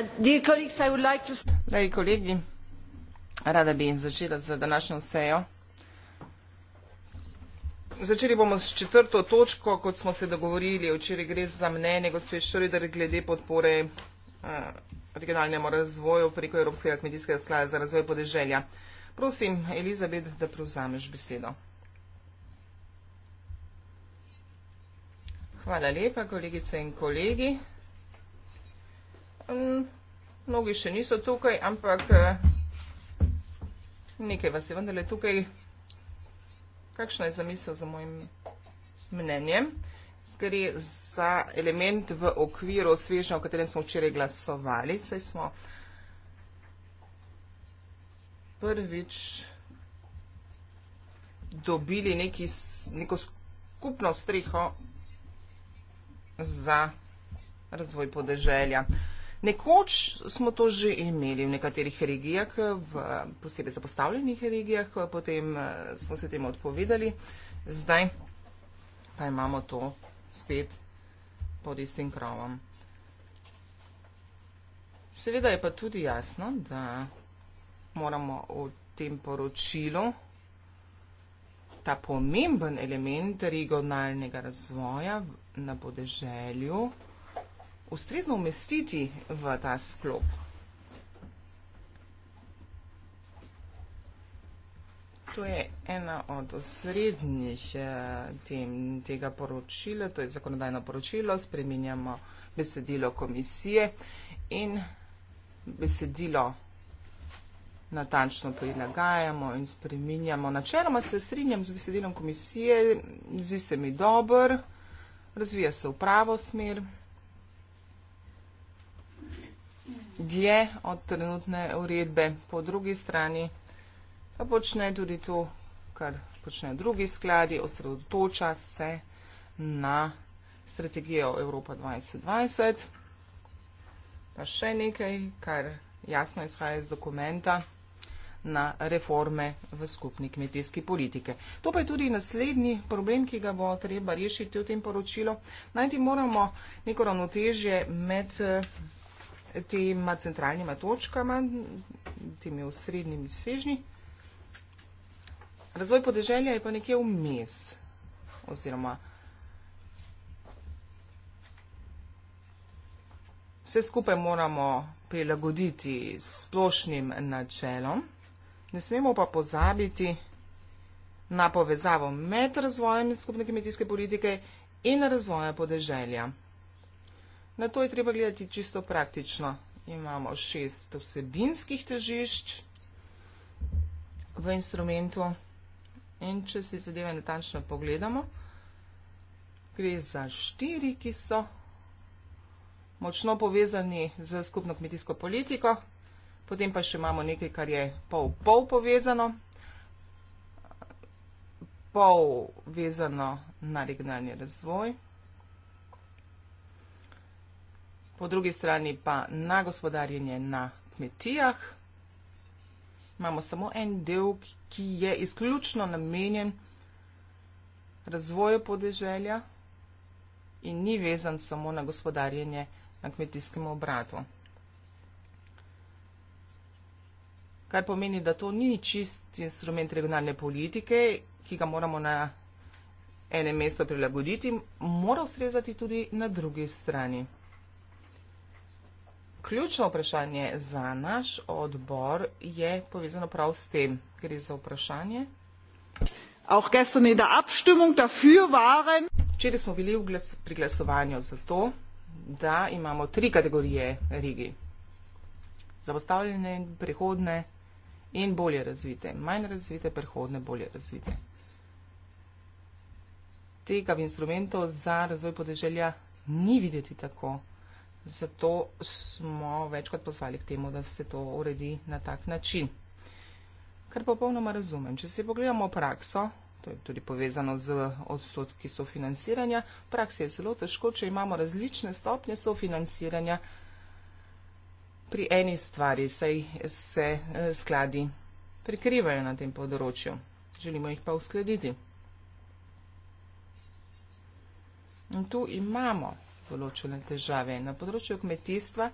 Uh, Dragi kolegi, rada bi začela z današnjo sejo. Začeli bomo s četrto točko, kot smo se dogovorili, včeraj gre za mnenje gospe Šoreder glede podpore uh, regionalnemu razvoju preko Evropskega kmetijskega sklada za razvoj podeželja. Prosim, Elizabet, da prevzameš besedo. Hvala lepa, kolegice in kolegi mnogi še niso tukaj, ampak eh, nekaj vas je vendarle tukaj. Kakšna je zamisel za mojim mnenjem? Gre za element v okviru svežnja, o katerem smo včeraj glasovali. Saj smo prvič dobili neki, neko skupno streho za razvoj podeželja. Nekoč smo to že imeli v nekaterih regijah, v posebej zapostavljenih regijah, potem eh, smo se temu odpovedali, zdaj pa imamo to spet pod istim krovom. Seveda je pa tudi jasno, da moramo v tem poročilu ta pomemben element regionalnega razvoja na podeželju ustrezno umestiti v ta sklop. To je ena od osrednjih eh, tem, tega poročila, to je zakonodajno poročilo, spreminjamo besedilo komisije in besedilo natančno prilagajamo in spreminjamo. Načeloma se strinjam z besedilom komisije, zdi se mi dober, razvija se v pravo smer. dlje od trenutne uredbe. Po drugi strani pa počne tudi to, kar počnejo drugi skladi, osredotoča se na strategijo Evropa 2020. Pa še nekaj, kar jasno izhaja iz dokumenta na reforme v skupni kmetijski politike. To pa je tudi naslednji problem, ki ga bo treba rešiti v tem poročilu. Najti moramo neko ravnotežje med eh, tema centralnima točkama, temi osrednjimi svežnji. Razvoj podeželja je pa nekje vmes oziroma vse skupaj moramo prilagoditi splošnim načelom. Ne smemo pa pozabiti na povezavo med razvojem skupne kmetijske politike in razvoja podeželja. Na to je treba gledati čisto praktično. Imamo šest vsebinskih težišč v instrumentu in če si zadeve natančno pogledamo, gre za štiri, ki so močno povezani z skupno kmetijsko politiko, potem pa še imamo nekaj, kar je pol-pol povezano, pol vezano na regionalni razvoj. po drugi strani pa na gospodarjenje na kmetijah. Imamo samo en del, ki je izključno namenjen razvoju podeželja in ni vezan samo na gospodarjenje na kmetijskem obratu. Kar pomeni, da to ni čist instrument regionalne politike, ki ga moramo na enem mestu prilagoditi, mora ustrezati tudi na drugi strani. Ključno vprašanje za naš odbor je povezano prav s tem. Gre za vprašanje. Auch gestern in der Abstimmung dafür waren. Včeraj smo bili glas, pri glasovanju za to, da imamo tri kategorije regij. Zavostavljene, prehodne in bolje razvite. Manj razvite, prehodne, bolje razvite. Tega v instrumentu za razvoj podeželja ni videti tako Zato smo večkrat pozvali k temu, da se to uredi na tak način. Kar popolnoma razumem. Če se pogledamo prakso, to je tudi povezano z odstotki sofinanciranja, praksi je zelo težko, če imamo različne stopnje sofinanciranja pri eni stvari, saj se eh, skladi prikrivajo na tem področju. Želimo jih pa uskladiti. In tu imamo določene težave. Na področju kmetijstva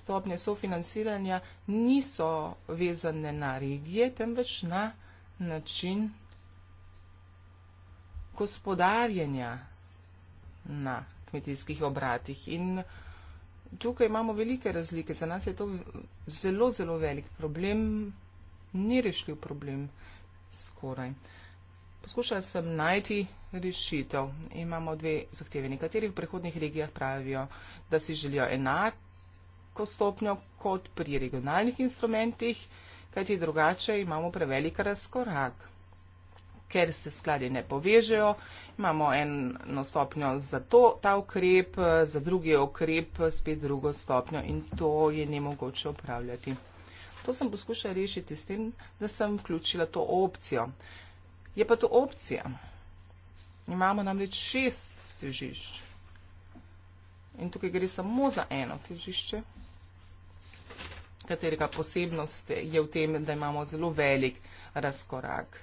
stopnje sofinanciranja niso vezane na regije, temveč na način gospodarjenja na kmetijskih obratih. In tukaj imamo velike razlike. Za nas je to zelo, zelo velik problem, ni rešljiv problem skoraj. Poskušala sem najti rešitev. Imamo dve zahteve. Nekateri v prehodnih regijah pravijo, da si želijo enako stopnjo kot pri regionalnih instrumentih, kajti drugače imamo prevelik razkorak. Ker se skladi ne povežejo, imamo eno stopnjo za to, ta ukrep, za drugi ukrep spet drugo stopnjo in to je ne mogoče upravljati. To sem poskušala rešiti s tem, da sem vključila to opcijo. Je pa to opcija. Imamo namreč šest težišč. In tukaj gre samo za eno težišče, katerega posebnost je v tem, da imamo zelo velik razkorak.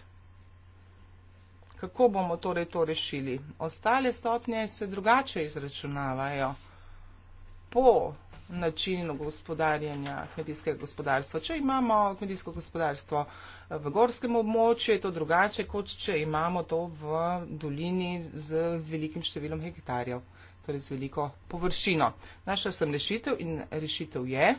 Kako bomo torej to rešili? Ostale stopnje se drugače izračunavajo po način gospodarjanja kmetijskega gospodarstva. Če imamo kmetijsko gospodarstvo eh, v gorskem območju, je to drugače, kot če imamo to v dolini z velikim številom hektarjev, torej z veliko površino. Naša sem rešitev in rešitev je,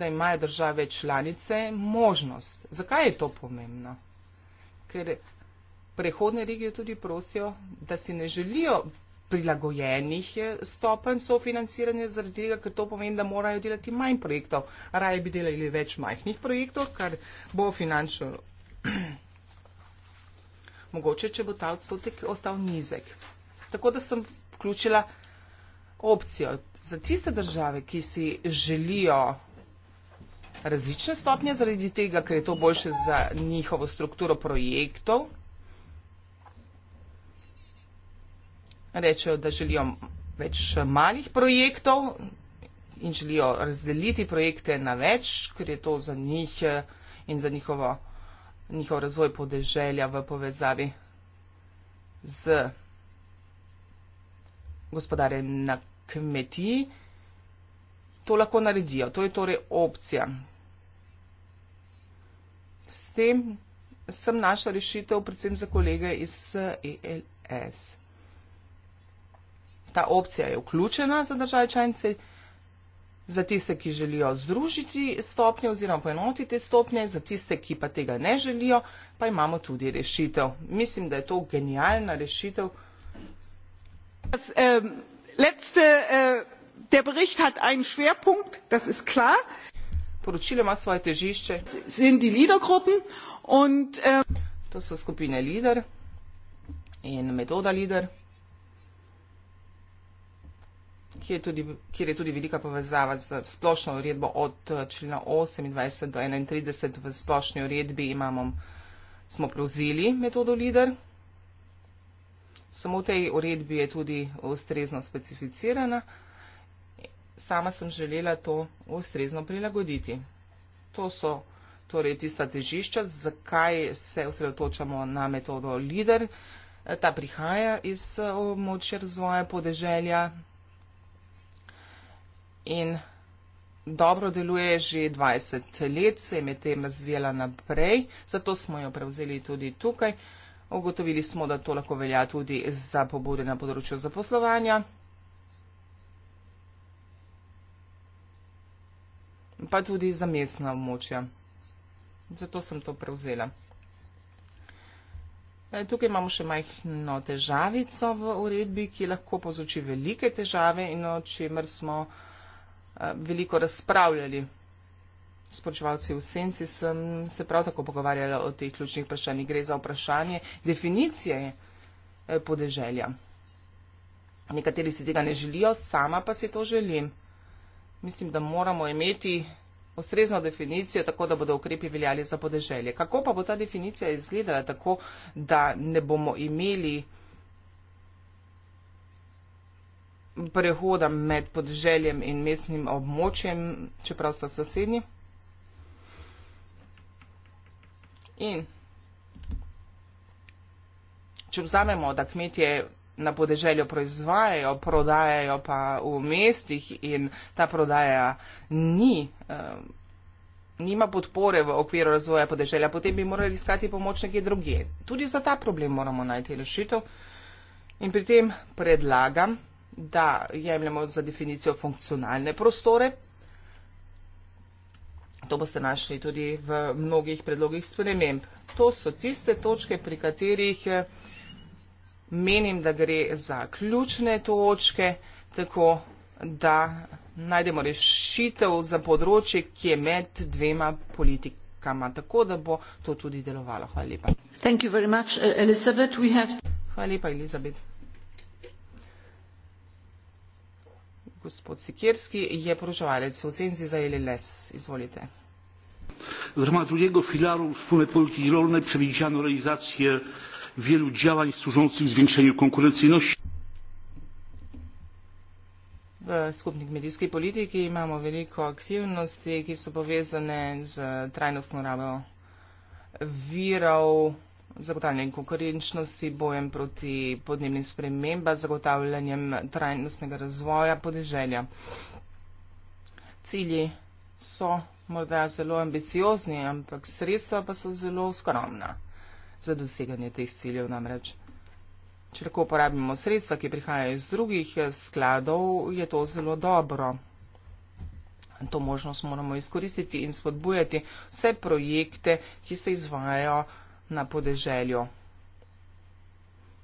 da imajo države članice možnost. Zakaj je to pomembno? Ker prehodne regije tudi prosijo, da si ne želijo prilagojenih eh, stopen sofinanciranja, zaradi tega, ker to pomeni, da morajo delati manj projektov. Raje bi delali več majhnih projektov, kar bo finančno mogoče, če bo ta odstotek ostal nizek. Tako da sem vključila opcijo za tiste države, ki si želijo različne stopnje, zaradi tega, ker je to boljše za njihovo strukturo projektov. rečejo, da želijo več malih projektov in želijo razdeliti projekte na več, ker je to za njih eh, in za njihovo, njihov razvoj podeželja v povezavi z gospodarjem na kmetiji. To lahko naredijo, to je torej opcija. S tem sem našla rešitev predvsem za kolege iz ELS ta opcija je vključena za države članice, za tiste, ki želijo združiti stopnje oziroma poenotiti stopnje, za tiste, ki pa tega ne želijo, pa imamo tudi rešitev. Mislim, da je to genialna rešitev. Das, ähm, letzte, äh, der Bericht hat einen Schwerpunkt, das ist klar. Poročilo ima svoje težišče. Und, ähm, to so skupine Lider in metoda Lider ki je tudi, kjer je tudi velika povezava z splošno uredbo od eh, člena 28 do 31 v splošni uredbi imamo, smo prevzeli metodo LIDER. Samo v tej uredbi je tudi ustrezno specificirana. Sama sem želela to ustrezno prilagoditi. To so torej tista težišča, zakaj se osredotočamo na metodo LIDER. Eh, ta prihaja iz eh, območja razvoja podeželja, in dobro deluje že 20 let, se je medtem razvijala naprej, zato smo jo prevzeli tudi tukaj. Ugotovili smo, da to lahko velja tudi za pobude na področju zaposlovanja. pa tudi za mestna območja. Zato sem to prevzela. E, tukaj imamo še majhno težavico v uredbi, ki lahko povzroči velike težave in o čemer smo uh, veliko razpravljali. Sporočevalci v senci sem se prav tako pogovarjala o teh ključnih vprašanjih. Gre za vprašanje definicije e, podeželja. Nekateri si tega ne želijo, sama pa si to želim. Mislim, da moramo imeti ustrezno definicijo, tako da bodo ukrepi veljali za podeželje. Kako pa bo ta definicija izgledala tako, da ne bomo imeli. prehoda med podeželjem in mestnim območjem, čeprav sta sosednji. In če vzamemo, da kmetje na podeželju proizvajajo, prodajajo pa v mestih in ta prodaja ni, eh, nima podpore v okviru razvoja podeželja, potem bi morali iskati pomoč nekje drugje. Tudi za ta problem moramo najti rešitev. In pri tem predlagam, da jemljemo za definicijo funkcionalne prostore. To boste našli tudi v mnogih predlogih sprememb. To so tiste točke, pri katerih eh, menim, da gre za ključne točke, tako da najdemo rešitev za področje, ki je med dvema politikama. Kama, tako da bo to tudi delovalo. Hvala lepa. Much, eh, Hvala lepa, Elizabeth. Gospod Sikirski je poročevalec v Senzi za LLS. Izvolite. W ramach drugiego filaru wspólnej polityki rolnej przewidziano realizację wielu działań służących zwiększeniu konkurencyjności. W skupnik medyjskiej polityki mamy wielką aktywności, które są powiązane z trajnostną rabą wirą zagotavljanjem konkurenčnosti, bojem proti podnebnim spremembam, zagotavljanjem trajnostnega razvoja podeželja. Cilji so morda zelo ambiciozni, ampak sredstva pa so zelo skromna za doseganje teh ciljev namreč. Če lahko uporabimo sredstva, ki prihajajo iz drugih eh, skladov, je to zelo dobro. To možnost moramo izkoristiti in spodbujati vse projekte, ki se izvajajo na podeželju.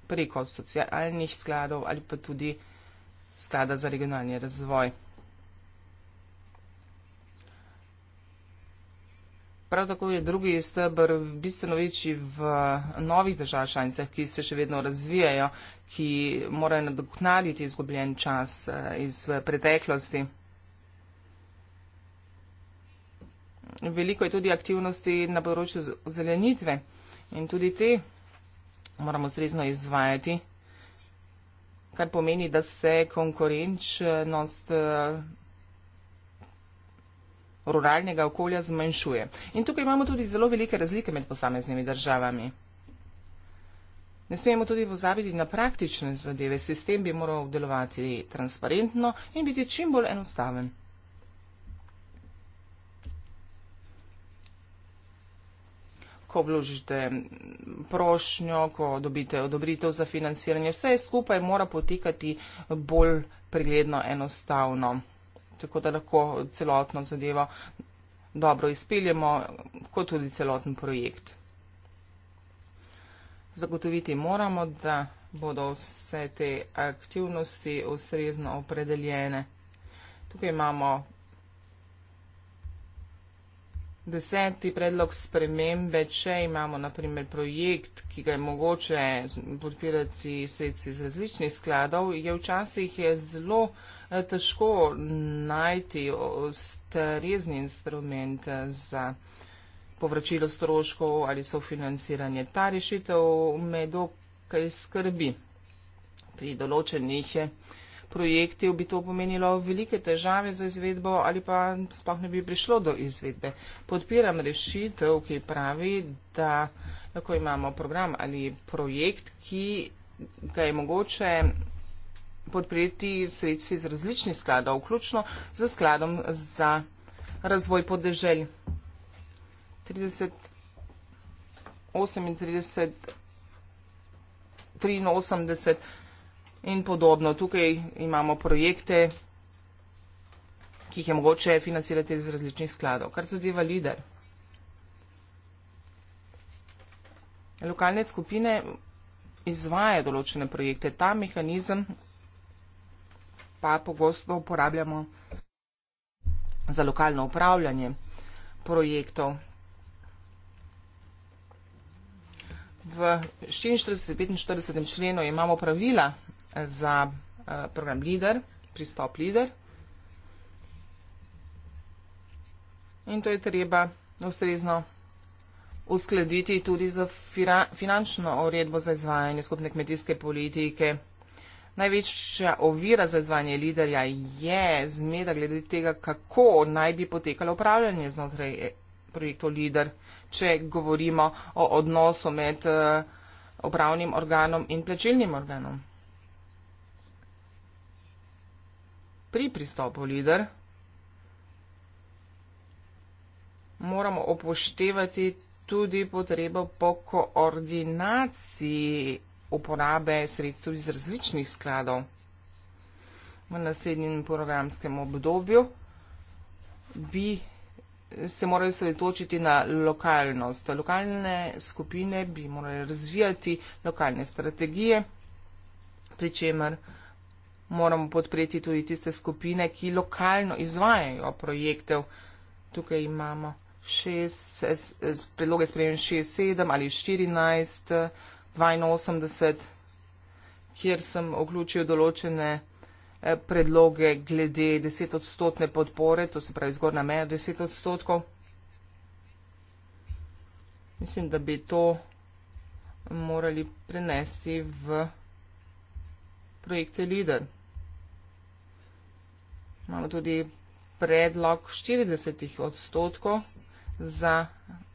Preko socialnih skladov ali pa tudi sklada za regionalni razvoj. Prav tako je drugi stebr bistveno večji v novih držav članicah, ki se še vedno razvijajo, ki morajo nadoknaditi izgubljen čas eh, iz preteklosti. Veliko je tudi aktivnosti na področju zelenitve. In tudi te moramo zrezno izvajati, kar pomeni, da se konkurenčnost eh, ruralnega okolja zmanjšuje. In tukaj imamo tudi zelo velike razlike med posameznimi državami. Ne smemo tudi pozabiti na praktične zadeve. Sistem bi moral delovati transparentno in biti čim bolj enostaven. ko vložite prošnjo, ko dobite odobritev za financiranje. Vse skupaj mora potekati bolj pregledno, enostavno, tako da lahko celotno zadevo dobro izpeljemo, kot tudi celoten projekt. Zagotoviti moramo, da bodo vse te aktivnosti ustrezno opredeljene. Tukaj imamo deseti predlog spremembe, če imamo naprimer projekt, ki ga je mogoče podpirati sredstvi iz različnih skladov, je včasih je zelo eh, težko najti ustrezni instrument eh, za povračilo stroškov ali sofinanciranje. Ta rešitev me dokaj skrbi pri določenih eh, projekti, bi to pomenilo velike težave za izvedbo ali pa sploh ne bi prišlo do izvedbe. Podpiram rešitev, ki pravi, da lahko imamo program ali projekt, ki ga je mogoče podpreti sredstvi iz različnih skladov, vključno z skladom za razvoj podeželj. 38, 83, 83 in podobno. Tukaj imamo projekte, ki jih je mogoče financirati iz različnih skladov. Kar zadeva lider. Lokalne skupine izvaja določene projekte. Ta mehanizem pa pogosto uporabljamo za lokalno upravljanje projektov. V 46. in 45. členu imamo pravila za eh, program Lider, pristop Lider. In to je treba ustrezno uskladiti tudi za finančno uredbo za izvajanje skupne kmetijske politike. Največja ovira za izvajanje liderja je zmeda glede tega, kako naj bi potekalo upravljanje znotraj eh, projektov Lider, če govorimo o odnosu med eh, upravnim organom in plačilnim organom. pri pristopu lider moramo upoštevati tudi potrebo po koordinaciji uporabe sredstev iz različnih skladov v naslednjem programskem obdobju bi se morali sredotočiti na lokalnost. Lokalne skupine bi morali razvijati lokalne strategije, pri čemer uh, moramo podpreti tudi tiste skupine, ki lokalno izvajajo projektov. Tukaj imamo šest, s, s, predloge sprejem 6, 7 ali 14, 82, kjer sem vključil določene eh, predloge glede 10 odstotne podpore, to se pravi zgornja meja 10 odstotkov. Mislim, da bi to morali prenesti v projekte LIDER imamo tudi predlog 40 odstotkov za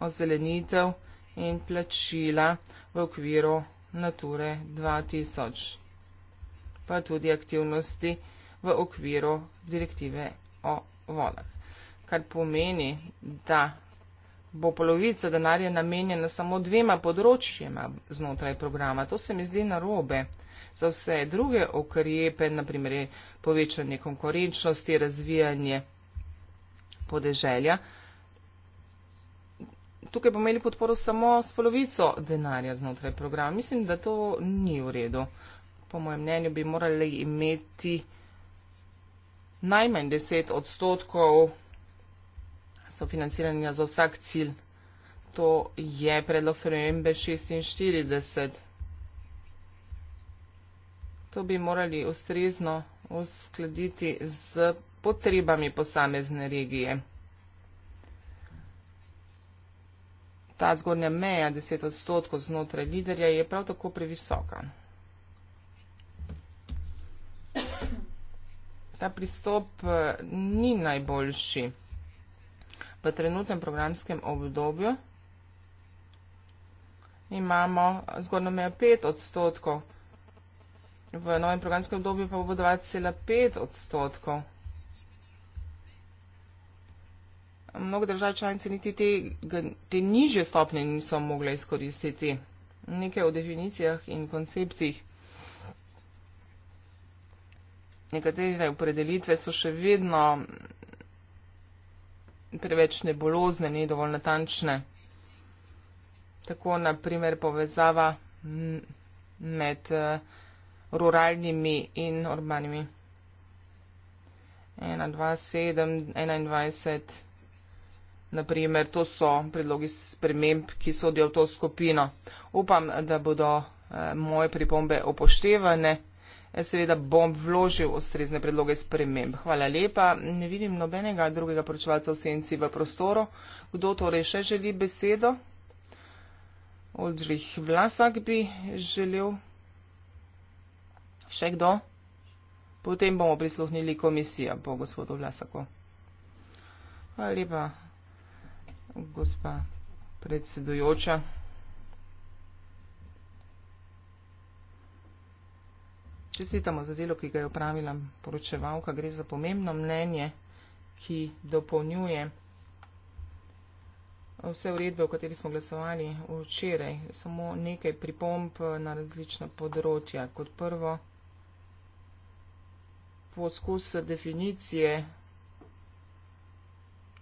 ozelenitev in plačila v okviru Nature 2000, pa tudi aktivnosti v okviru direktive o vodah. Kar pomeni, da bo polovica denarja namenjena samo dvema področjima znotraj programa. To se mi zdi narobe za vse druge okrepe, naprimer povečanje konkurenčnosti, razvijanje podeželja. Tukaj bomo imeli podporo samo s polovico denarja znotraj programa. Mislim, da to ni v redu. Po mojem mnenju bi morali imeti najmanj 10 odstotkov sofinanciranja za vsak cilj. To je predlog spremembe 46. To bi morali ustrezno uskladiti z potrebami posamezne regije. Ta zgornja meja 10 odstotkov znotraj liderja je prav tako previsoka. Ta pristop eh, ni najboljši v trenutnem programskem obdobju. Imamo zgornjo mejo 5 odstotkov v novem programskem obdobju pa bo 2,5 odstotkov. Mnogo držav članice niti te, te nižje stopnje niso mogle izkoristiti. Nekaj o definicijah in konceptih. Nekatere opredelitve so še vedno preveč nebolozne, ne dovolj natančne. Tako, na primer, povezava med uh, ruralnimi in urbanimi. 1, 2, 7, 21. Naprimer, to so predlogi sprememb, ki sodijo v to skupino. Upam, da bodo eh, moje pripombe upoštevane. Eh, seveda bom vložil ustrezne predloge sprememb. Hvala lepa. Ne vidim nobenega drugega poročevalca v senci v prostoru. Kdo torej še želi besedo? Oldrich Vlasak bi želel. Še kdo? Potem bomo prisluhnili komisijo po gospodu Vlasaku. Hvala lepa, gospa predsedujoča. Čestitamo za delo, ki ga je upravila poročevalka. Gre za pomembno mnenje, ki dopolnjuje vse uredbe, o kateri smo glasovali včeraj. Samo nekaj pripomp na različna področja. Kot prvo, poskus definicije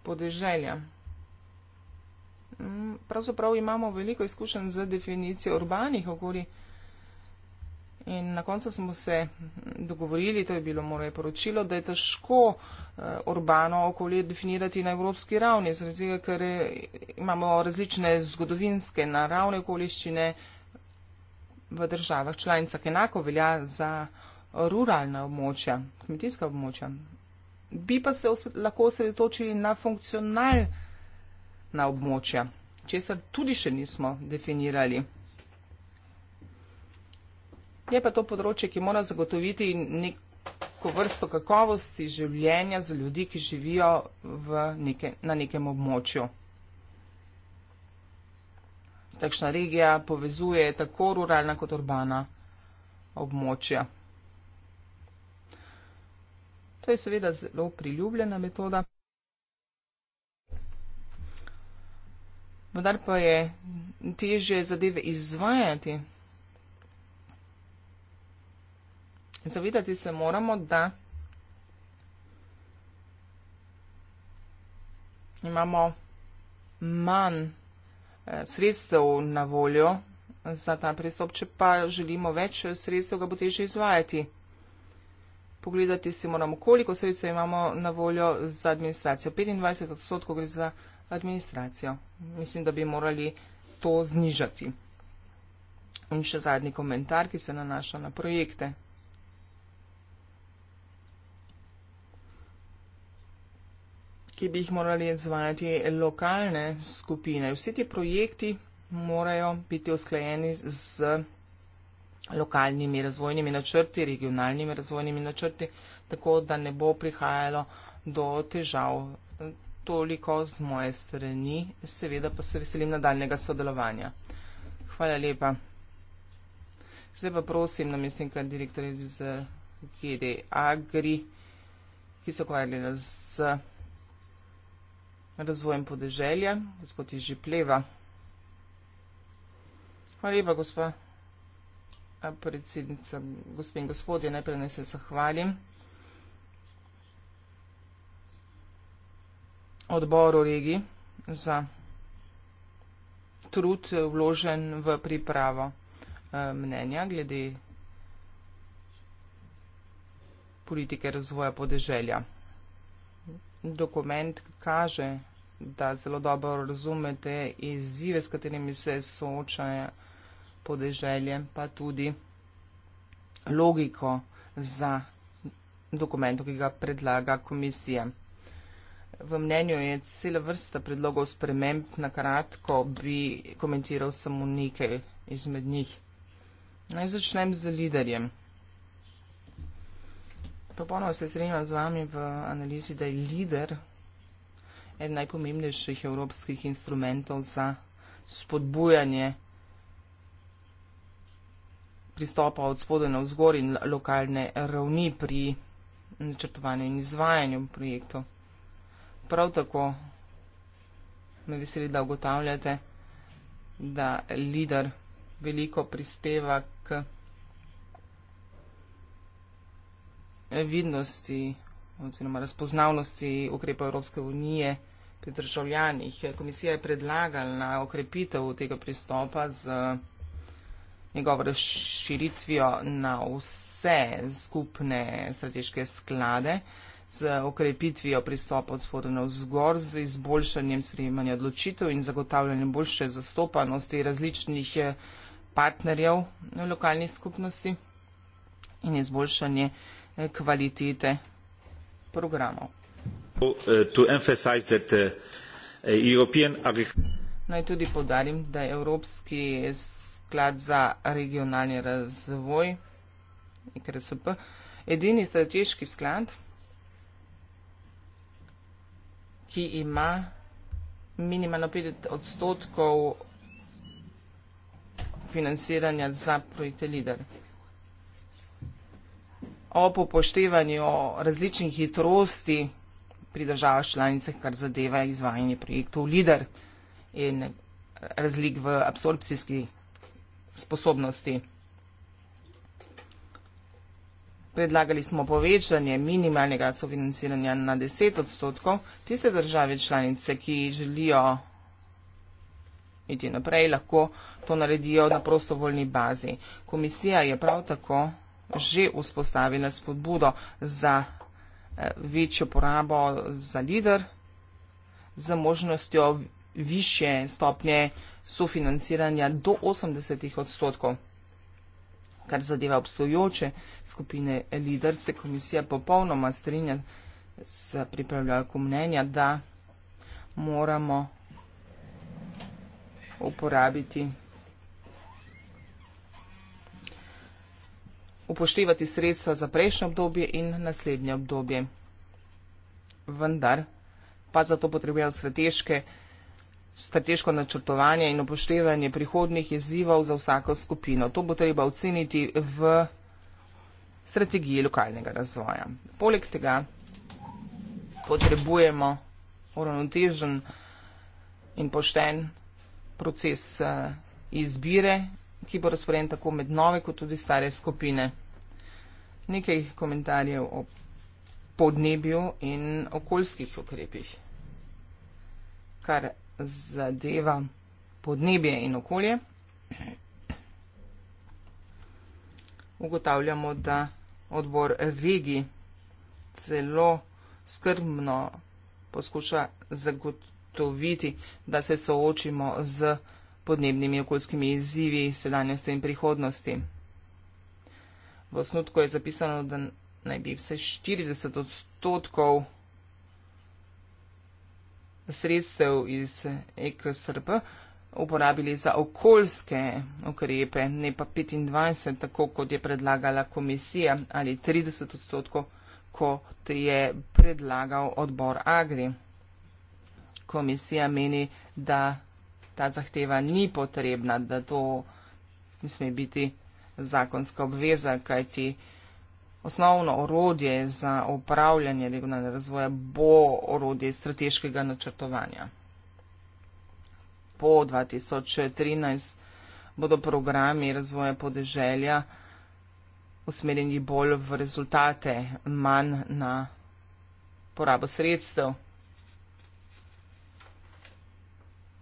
podeželja. Mm, pravzaprav imamo veliko izkušenj z definicijo urbanih okolij in na koncu smo se dogovorili, to je bilo moje poročilo, da je težko eh, urbano okolje definirati na evropski ravni, zaradi tega, ker eh, imamo različne zgodovinske naravne okoliščine v državah članicah. Enako velja za urbano ruralna območja, kmetijska območja. Bi pa se os lahko osredotočili na funkcionalna območja, česar tudi še nismo definirali. Je pa to področje, ki mora zagotoviti neko vrsto kakovosti življenja za ljudi, ki živijo neke, na nekem območju. Takšna regija povezuje tako ruralna kot urbana območja. To je seveda zelo priljubljena metoda. Vendar pa je težje zadeve izvajati. Zavedati se moramo, da imamo manj eh, sredstev na voljo za ta pristop. Če pa želimo več sredstev, ga bo težje izvajati pogledati si moramo, koliko sredstva imamo na voljo za administracijo. 25 odstotkov gre za administracijo. Mislim, da bi morali to znižati. In še zadnji komentar, ki se nanaša na projekte. ki bi jih morali izvajati lokalne skupine. Vsi ti projekti morajo biti usklajeni z lokalnimi razvojnimi načrti, regionalnimi razvojnimi načrti, tako da ne bo prihajalo do težav. Toliko z moje strani, seveda pa se veselim nadaljnega sodelovanja. Hvala lepa. Zdaj pa prosim namestnika direktorja iz GD Agri, ki so ukvarjali z razvojem podeželja, gospod Ježi Pleva. Hvala lepa, gospod predsednica, gospe in gospodje, najprej naj se zahvalim odboru regi za trud vložen v pripravo eh, mnenja glede politike razvoja podeželja. Dokument kaže, da zelo dobro razumete izzive, s katerimi se soočajo podeželje, pa tudi logiko za dokumento, ki ga predlaga komisija. V mnenju je cela vrsta predlogov sprememb, na kratko bi komentiral samo nekaj izmed njih. Naj začnem z liderjem. Popolnoma se strinjam z vami v analizi, da je lider eden najpomembnejših evropskih instrumentov za spodbujanje pristopa od spode na vzgor in lokalne ravni pri načrtovanju in izvajanju projektov. Prav tako me veseli, da ugotavljate, da lider veliko prispeva k vidnosti oziroma razpoznavnosti ukrepa Evropske unije pri državljanih. Komisija je predlagala okrepitev tega pristopa z njegovo razširitvijo na vse skupne strateške sklade, z okrepitvijo pristopa od spodaj na vzgor, z izboljšanjem sprejemanja odločitev in zagotavljanjem boljše zastopanosti različnih eh, partnerjev v eh, lokalni skupnosti in izboljšanje eh, kvalitete programov. Naj tudi podarim, da je Evropski sklad za regionalni razvoj, KRSP, edini strateški sklad, ki ima minimalno 5 odstotkov financiranja za projekte LIDER. Ob upoštevanju različnih hitrosti pri državah članicah, kar zadeva izvajanje projektov LIDER in razlik v absorpcijski sposobnosti. Predlagali smo povečanje minimalnega sofinanciranja na 10 odstotkov. Tiste države članice, ki želijo iti naprej, lahko to naredijo na prostovoljni bazi. Komisija je prav tako že vzpostavila spodbudo za eh, večjo porabo za lider z možnostjo višje stopnje uh, sofinanciranja do 80 odstotkov. Kar zadeva obstojoče skupine lider, se komisija popolnoma strinja s pripravljalko mnenja, da moramo uporabiti upoštevati sredstva za prejšnje obdobje in naslednje obdobje. Vendar pa zato potrebujejo strateške strateško načrtovanje in upoštevanje prihodnih izzivov za vsako skupino. To bo treba oceniti v strategiji lokalnega razvoja. Poleg tega potrebujemo uravnotežen in pošten proces eh, izbire, ki bo razporen tako med nove kot tudi stare skupine. Nekaj komentarjev o podnebju in okoljskih ukrepih. Kar zadeva podnebje in okolje, ugotavljamo, da odbor regi celo skrbno poskuša zagotoviti, da se soočimo z podnebnimi okoljskimi izzivi sedanjosti in prihodnosti. V osnutku je zapisano, da naj bi vse 40 odstotkov sredstev iz EKSRB uporabili za okoljske ukrepe, ne pa 25, tako kot je predlagala komisija, ali 30 odstotkov, kot je predlagal odbor Agri. Komisija meni, da ta zahteva ni potrebna, da to ne sme biti zakonska obveza, kajti osnovno orodje za upravljanje regionalnega razvoja bo orodje strateškega načrtovanja. Po 2013 bodo programi razvoja podeželja usmerjeni bolj v rezultate, manj na porabo sredstev.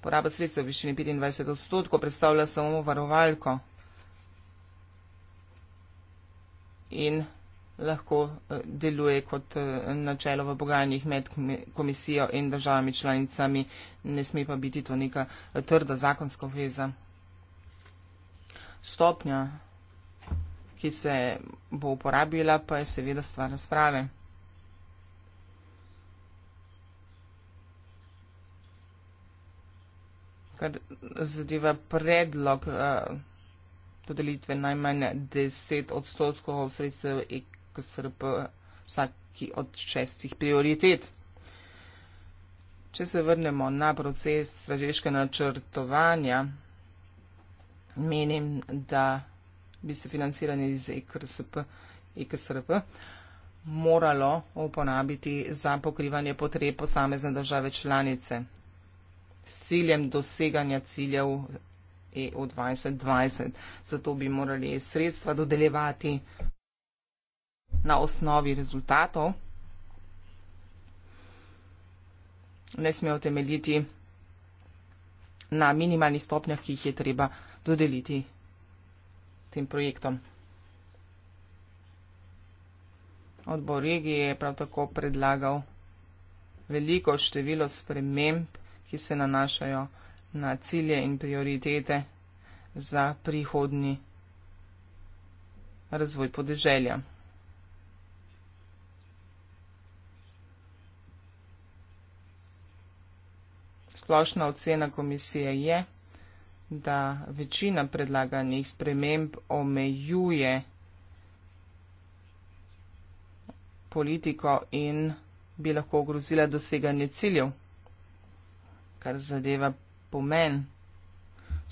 Poraba sredstev v višini 25 odstotkov predstavlja samo varovalko in lahko eh, deluje kot eh, načelo v pogajanjih med komisijo in državami članicami, ne sme pa biti to neka eh, trda zakonska veza. Stopnja, ki se bo uporabila, pa je seveda stvar razprave. Kar zadeva predlog dodelitve najmanj 10 odstotkov sredstev EK, KSRP vsaki od šestih prioritet. Če se vrnemo na proces strateške načrtovanja, menim, da bi se financiranje iz EKSRP, EKSRP moralo uporabiti za pokrivanje potreb posamezne države članice s ciljem doseganja ciljev EU 2020. Zato bi morali sredstva dodeljevati na osnovi rezultatov. Ne smejo temeljiti na minimalnih stopnjah, ki jih je treba dodeliti tem projektom. Odbor regije je prav tako predlagal veliko število sprememb, ki se nanašajo na cilje in prioritete za prihodni razvoj podeželja. Splošna ocena komisije je, da večina predlaganih sprememb omejuje politiko in bi lahko ogrozila doseganje ciljev, kar zadeva pomen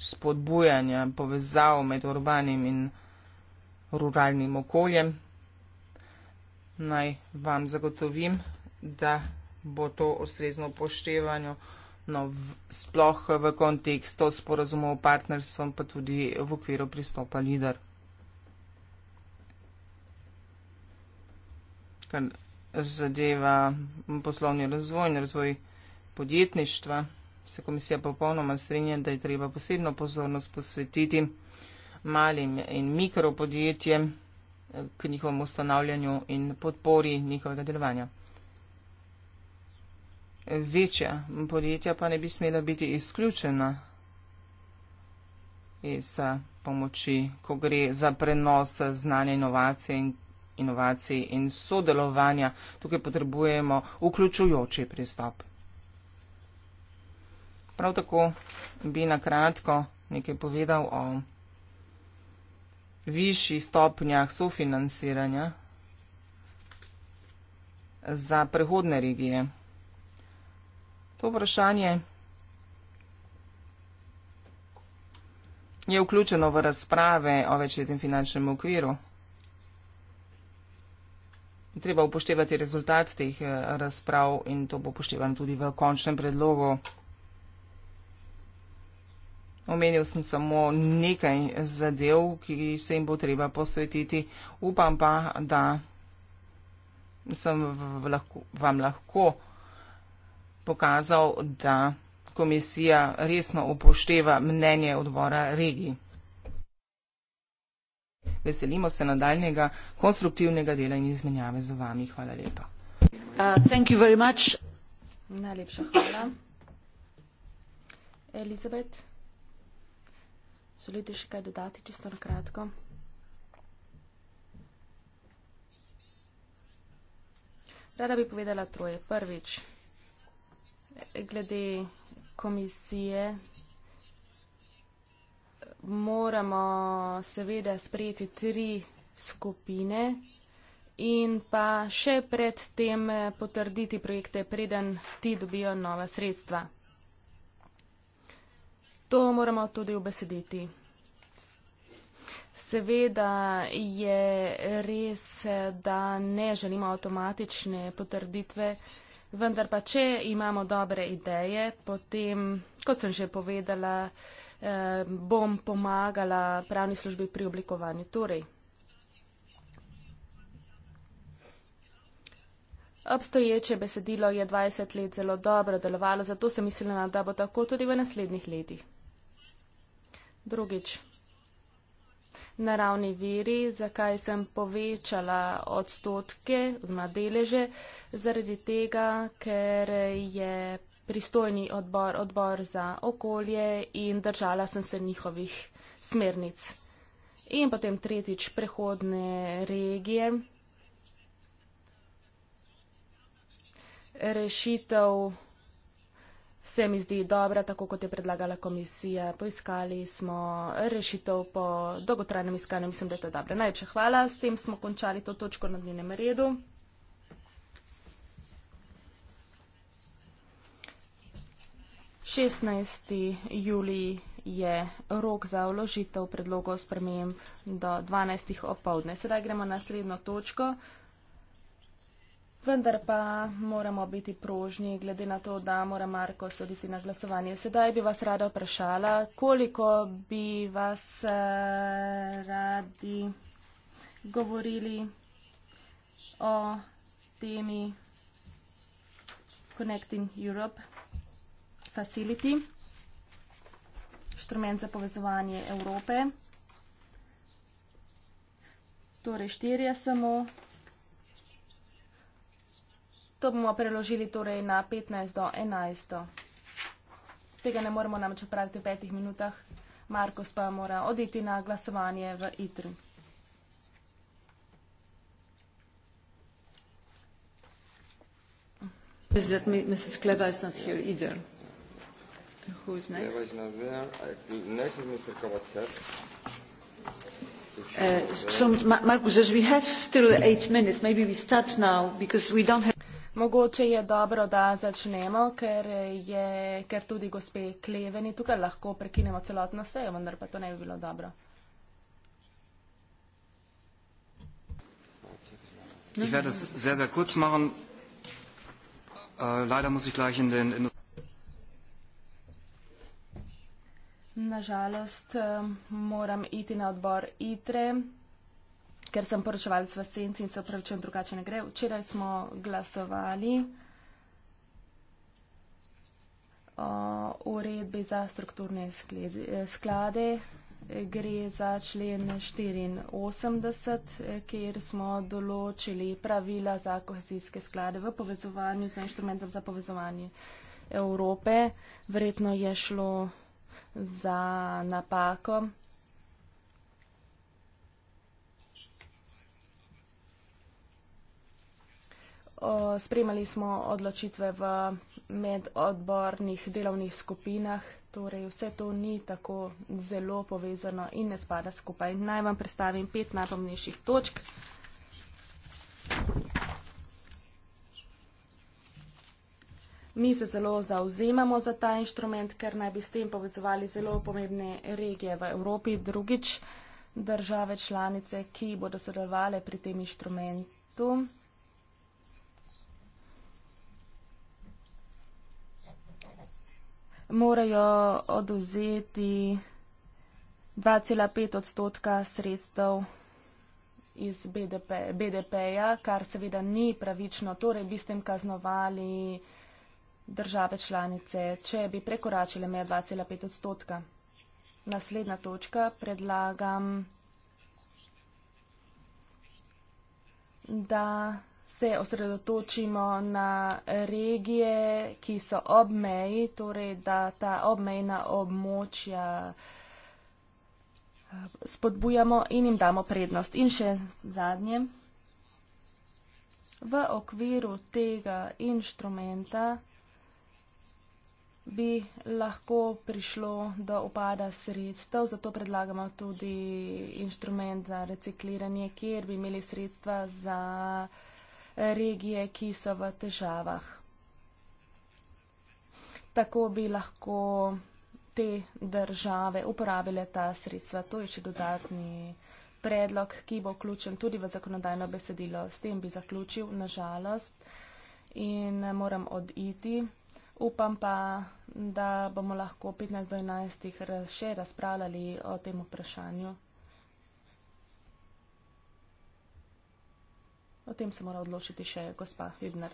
spodbujanja povezav med urbanim in ruralnim okoljem. Naj vam zagotovim, da bo to ustrezno upoštevanje no, v, sploh v kontekstu sporazumov o partnerstvu, pa tudi v okviru pristopa lider. Kar zadeva poslovni razvoj in razvoj podjetništva, se komisija popolnoma strinja, da je treba posebno pozornost posvetiti malim in mikropodjetjem k njihovemu ustanavljanju in podpori njihovega delovanja večja podjetja pa ne bi smela biti izključena iz pomoči, ko gre za prenos znanja inovacije in inovacij in sodelovanja. Tukaj potrebujemo vključujoči pristop. Prav tako bi na kratko nekaj povedal o višjih stopnjah sofinanciranja za prehodne regije. To vprašanje je vključeno v razprave o večletnem finančnem okviru. Treba upoštevati rezultat teh eh, razprav in to bo upoštevano tudi v končnem predlogu. Omenil sem samo nekaj zadev, ki se jim bo treba posvetiti. Upam pa, da sem v, v, lahko, vam lahko pokazal, da komisija resno upošteva mnenje odbora regij. Veselimo se nadaljnega konstruktivnega dela in izmenjave z vami. Hvala lepa. Uh, Najlepša hvala. Elizabet, želite še kaj dodati, čisto na kratko? Rada bi povedala troje. Prvič, glede komisije. Moramo seveda sprejeti tri skupine in pa še pred tem potrditi projekte, preden ti dobijo nova sredstva. To moramo tudi obesediti. Seveda je res, da ne želimo avtomatične potrditve, Vendar pa, če imamo dobre ideje, potem, kot sem že povedala, eh, bom pomagala pravni službi pri oblikovanju. Torej, obstoječe besedilo je 20 let zelo dobro delovalo, zato sem mislila, da bo tako tudi v naslednjih letih. Drugič naravni veri, zakaj sem povečala odstotke oziroma deleže, zaradi tega, ker je pristojni odbor, odbor za okolje in držala sem se njihovih smernic. In potem tretjič prehodne regije. Rešitev se mi zdi dobra, tako kot je predlagala komisija. Poiskali smo rešitev po dolgotrajnem iskanju. Mislim, da je to dobro. Najlepša hvala. S tem smo končali to točko na dnevnem redu. Šestnajsti juli je rok za vložitev predlogov sprememb do dvanajstih opovdne. Sedaj gremo na srednjo točko. Vendar pa moramo biti prožni, glede na to, da mora Marko soditi na glasovanje. Sedaj bi vas rada vprašala, koliko bi vas eh, radi govorili o temi Connecting Europe Facility, inštrument za povezovanje Evrope. Torej, štirje samo. To bomo preložili torej na 15 do 11. Tega ne moremo nam čepraviti v petih minutah. Markus pa mora oditi na glasovanje v ITRU. Is that Mrs. Kleva is not here either? Who is next? Kleva is not there. Next is Mr. Kovacev. Uh, so, Markus, as we have still eight minutes, maybe we start now because we don't have... Mogoče je dobro, da začnemo, ker, je, ker tudi gospe Kleveni tukaj lahko prekinemo celotno sejo, vendar pa to ne bi bilo dobro. Ich werde es sehr, sehr kurz machen. Äh, leider muss ich gleich in den. In Na žalost, äh, moram iti na odbor ITRE ker sem poročevalc v senci in se upravičujem, drugače ne gre. Včeraj smo glasovali o uredbi za strukturne eh, sklade. Gre za člen 84, eh, kjer smo določili pravila za kohezijske sklade v povezovanju z inštrumentom za povezovanje Evrope. Verjetno je šlo za napako. spremljali smo odločitve v medodbornih delovnih skupinah, torej vse to ni tako zelo povezano in ne spada skupaj. Naj vam predstavim pet najpomnejših točk. Mi se zelo zauzemamo za ta inštrument, ker naj bi s tem povezovali zelo pomembne regije v Evropi, drugič države članice, ki bodo sodelovali pri tem inštrumentu. morajo oduzeti 2,5 odstotka sredstev iz BDP-ja, BDP kar seveda ni pravično. Torej bi s tem kaznovali države članice, če bi prekoračile meje 2,5 odstotka. Naslednja točka predlagam, da se osredotočimo na regije, ki so ob meji, torej da ta obmejna območja eh, spodbujamo in jim damo prednost. In še zadnje. V okviru tega inštrumenta bi lahko prišlo do upada sredstev, zato predlagamo tudi inštrument za recikliranje, kjer bi imeli sredstva za regije, ki so v težavah. Tako bi lahko te države uporabile ta sredstva. To je še dodatni predlog, ki bo vključen tudi v zakonodajno besedilo. S tem bi zaključil, nažalost, in moram oditi. Upam pa, da bomo lahko 15 do 11 še razpravljali o tem vprašanju. O tem se mora odločiti še gospa Hübner.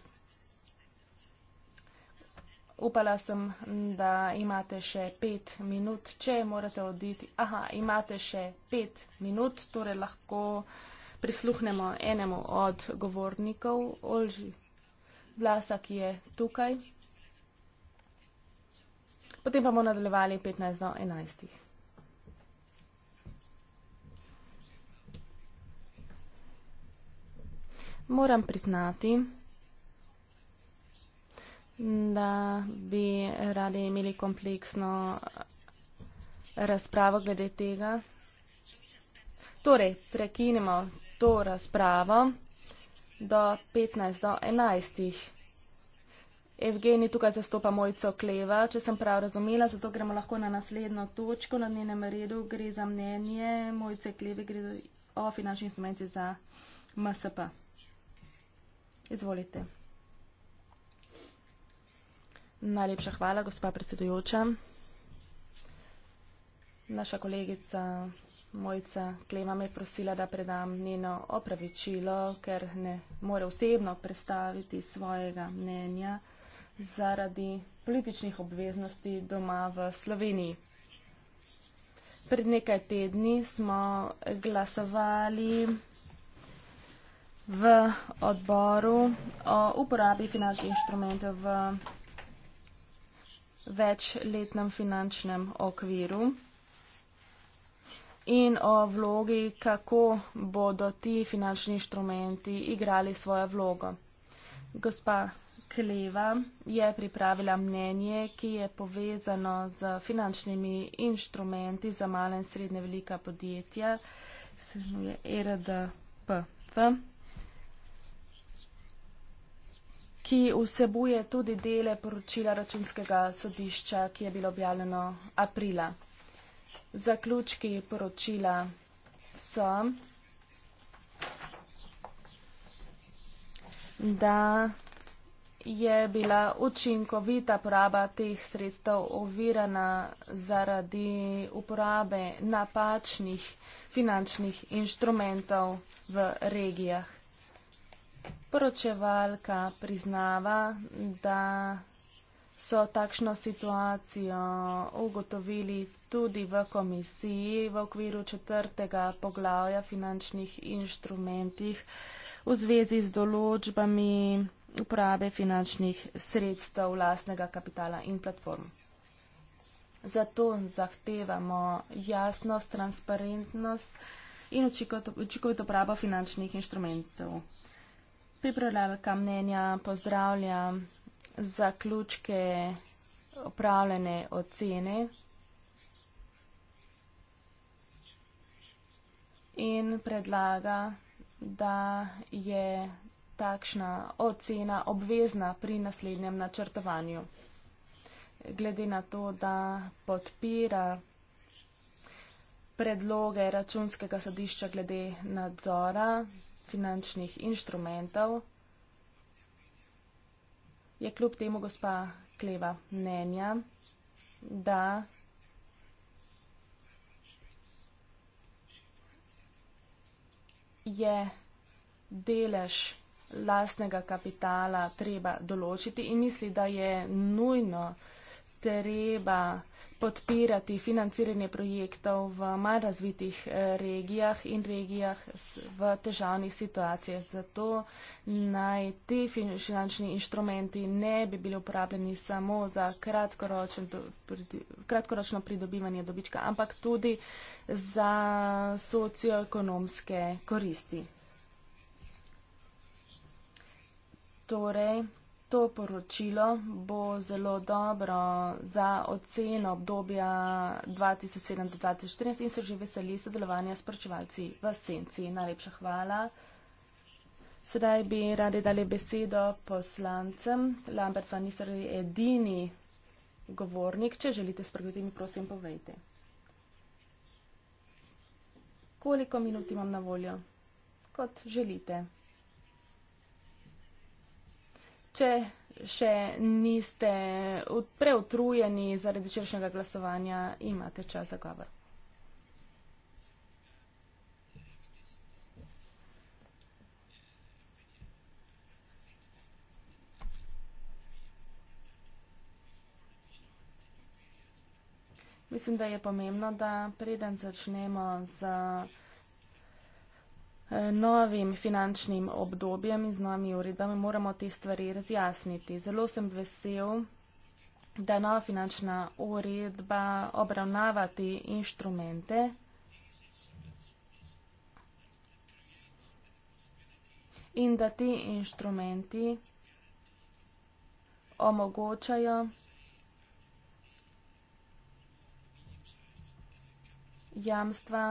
Upala sem, da imate še pet minut, če morate oditi. Aha, imate še pet minut, torej lahko prisluhnemo enemu od govornikov, Olži Vlasa, ki je tukaj. Potem pa bomo nadaljevali 15 do 11. Moram priznati, da bi radi imeli kompleksno razpravo glede tega. Torej, prekinimo to razpravo do 15, do 11. Evgeni tukaj zastopa mojco Kleva, če sem prav razumela, zato gremo lahko na naslednjo točko. Na njenem redu gre za mnenje mojce Kleve, gre o finančni instrumenti za MSP. Izvolite. Najlepša hvala, gospa predsedujoča. Naša kolegica Mojca Klema me je prosila, da predam njeno opravičilo, ker ne more osebno predstaviti svojega mnenja zaradi političnih obveznosti doma v Sloveniji. Pred nekaj tedni smo glasovali v odboru o uporabi finančnih inštrumentov v večletnem finančnem okviru in o vlogi, kako bodo ti finančni inštrumenti igrali svojo vlogo. Gospa Kleva je pripravila mnenje, ki je povezano z finančnimi inštrumenti za male in srednje velika podjetja, se imenuje RDPF. ki vsebuje tudi dele poročila računskega sodišča, ki je bilo objavljeno aprila. Zaključki poročila so, da je bila učinkovita poraba teh sredstev ovirana zaradi uporabe napačnih finančnih inštrumentov v regijah poročevalka priznava, da so takšno situacijo ugotovili tudi v komisiji v okviru četrtega poglavja finančnih inštrumentih v zvezi z določbami uporabe finančnih sredstev vlastnega kapitala in platform. Zato zahtevamo jasnost, transparentnost in učinkovito uporabo finančnih inštrumentov pripravljalka mnenja pozdravlja zaključke opravljene ocene in predlaga, da je takšna ocena obvezna pri naslednjem načrtovanju. Glede na to, da podpira predloge računskega sodišča glede nadzora finančnih inštrumentov, je kljub temu gospa Kleva mnenja, da je delež lastnega kapitala treba določiti in misli, da je nujno treba podpirati financiranje projektov v manj razvitih eh, regijah in regijah v težavnih situacijah. Zato naj ti finančni inštrumenti ne bi bili uporabljeni samo za kratkoročno pridobivanje dobička, ampak tudi za socioekonomske koristi. Torej, To poročilo bo zelo dobro za oceno obdobja 2007-2014 in se že veseli sodelovanja s pročevalci v senci. Najlepša hvala. Sedaj bi radi dali besedo poslancem. Lambert van Nisar je edini govornik. Če želite spregledati, mi prosim povejte. Koliko minut imam na voljo? Kot želite. Če še niste preutrujeni zaradi včerajšnjega glasovanja, imate čas za govor. Mislim, da je pomembno, da preden začnemo z. Za Eh, novim finančnim obdobjem in z novimi uredbami moramo te stvari razjasniti. Zelo sem vesel, da nova finančna uredba obravnava te inštrumente. In da ti inštrumenti omogočajo jamstva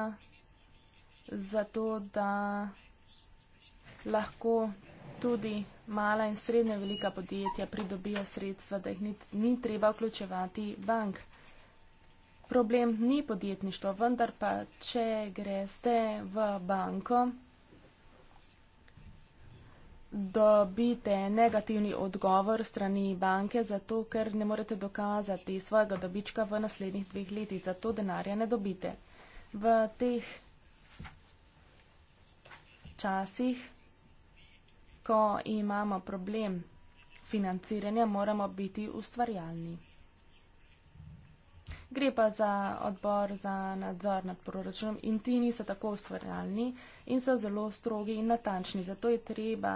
zato da lahko tudi mala in srednja velika podjetja pridobijo sredstva, da jih ni, ni treba vključevati bank. Problem ni podjetništvo, vendar pa, če greste v banko, dobite negativni odgovor strani banke, zato ker ne morete dokazati svojega dobička v naslednjih dveh letih, zato denarja ne dobite. V teh včasih, ko imamo problem financiranja, moramo biti ustvarjalni. Gre pa za odbor za nadzor nad proračunom in ti niso tako ustvarjalni in so zelo strogi in natančni. Zato je treba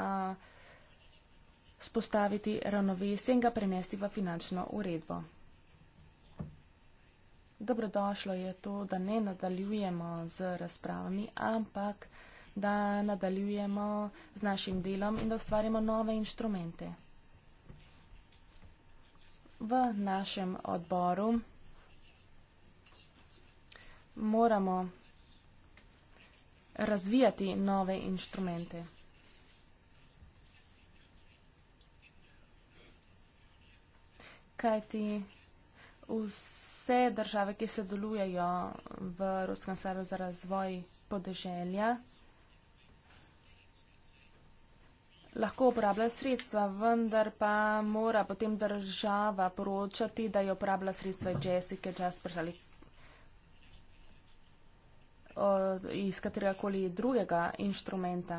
spostaviti ravnovesje in ga prenesti v finančno uredbo. Dobrodošlo je to, da ne nadaljujemo z razpravami, ampak da nadaljujemo z našim delom in da ustvarjamo nove inštrumente. V našem odboru moramo razvijati nove inštrumente. Kajti vse države, ki se delujejo v Rudskem saru za razvoj podeželja, lahko uporablja sredstva, vendar pa mora potem država poročati, da je uporabila sredstva Jessica Jaspers ali iz kateregakoli drugega inštrumenta.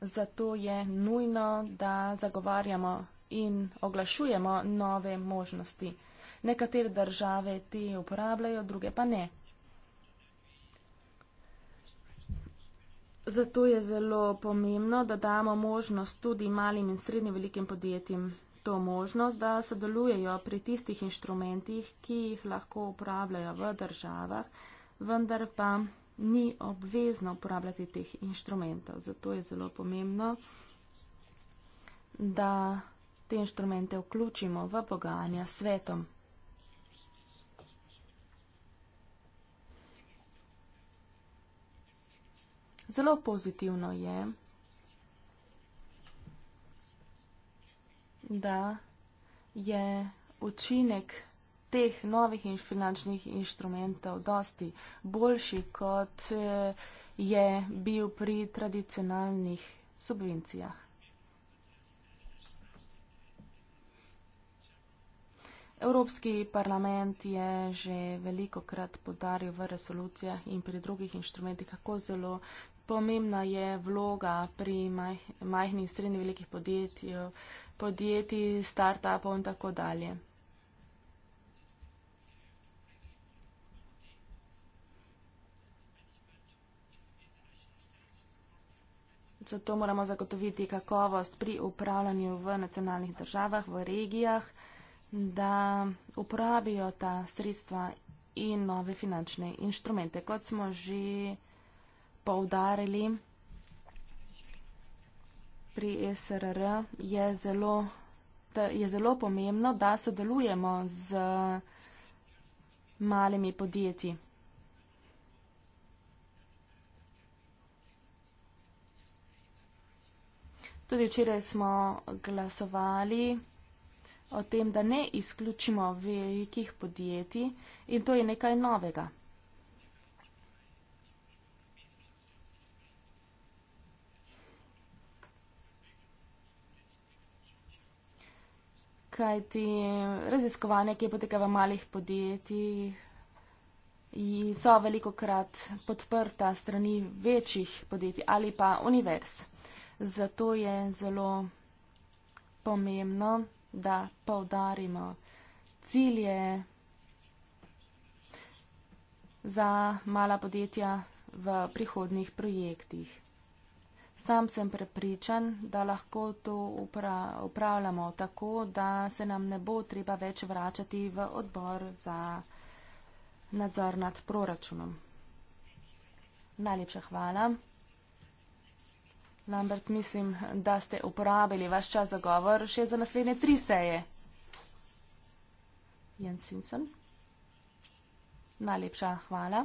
Zato je nujno, da zagovarjamo in oglašujemo nove možnosti. Nekatere države te uporabljajo, druge pa ne. Zato je zelo pomembno, da damo možnost tudi malim in srednjim velikim podjetjem to možnost, da sodelujejo pri tistih inštrumentih, ki jih lahko uporabljajo v državah, vendar pa ni obvezno uporabljati teh inštrumentov. Zato je zelo pomembno, da te inštrumente vključimo v pogajanja s svetom Zelo pozitivno je, da je učinek teh novih in finančnih inštrumentov dosti boljši, kot eh, je bil pri tradicionalnih subvencijah. Evropski parlament je že veliko krat podaril v resolucijah in pri drugih inštrumentih, kako zelo pomembna je vloga pri majh, majhnih in srednjih velikih podjetjih, podjetij, start-upov in tako dalje. Zato moramo zagotoviti kakovost pri upravljanju v nacionalnih državah, v regijah, da uporabijo ta sredstva in nove finančne inštrumente, kot smo že poudarili pri SRR, je zelo, da, je zelo pomembno, da sodelujemo z malimi podjetji. Tudi včeraj smo glasovali o tem, da ne izključimo velikih podjetij in to je nekaj novega. kajti raziskovanje, ki poteka v malih podjetjih, so veliko krat podprta strani večjih podjetij ali pa univerz. Zato je zelo pomembno, da povdarimo cilje za mala podjetja v prihodnih projektih. Sam sem prepričan, da lahko to upra, upravljamo tako, da se nam ne bo treba več vračati v odbor za nadzor nad proračunom. Najlepša hvala. Lambert, mislim, da ste uporabili vaš čas za govor še za naslednje tri seje. Jens Simpson. Najlepša hvala.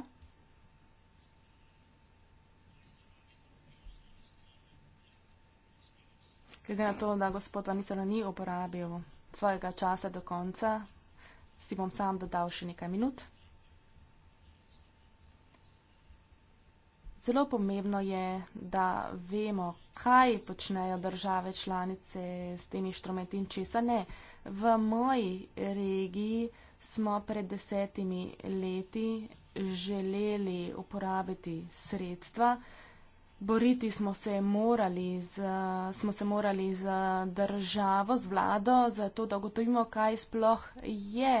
Glede na to, da gospod Vanisela ni uporabil svojega časa do konca, si bom sam dodal še nekaj minut. Zelo pomembno je, da vemo, kaj počnejo države članice s temi inštrumenti in česa ne. V moji regiji smo pred desetimi leti želeli uporabiti sredstva, Boriti smo se morali, z, smo se morali z državo, z vlado, za to, da ugotovimo, kaj sploh je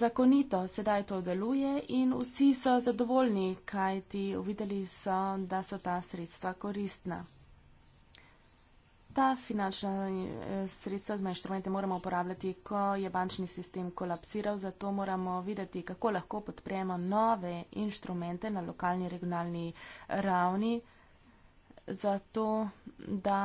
zakonito. Sedaj to deluje in vsi so zadovoljni, kajti uvideli so, da so ta sredstva koristna ta finančna eh, sredstva oziroma inštrumente moramo uporabljati, ko je bančni sistem kolapsiral, zato moramo videti, kako lahko podpremo nove inštrumente na lokalni, regionalni ravni, zato da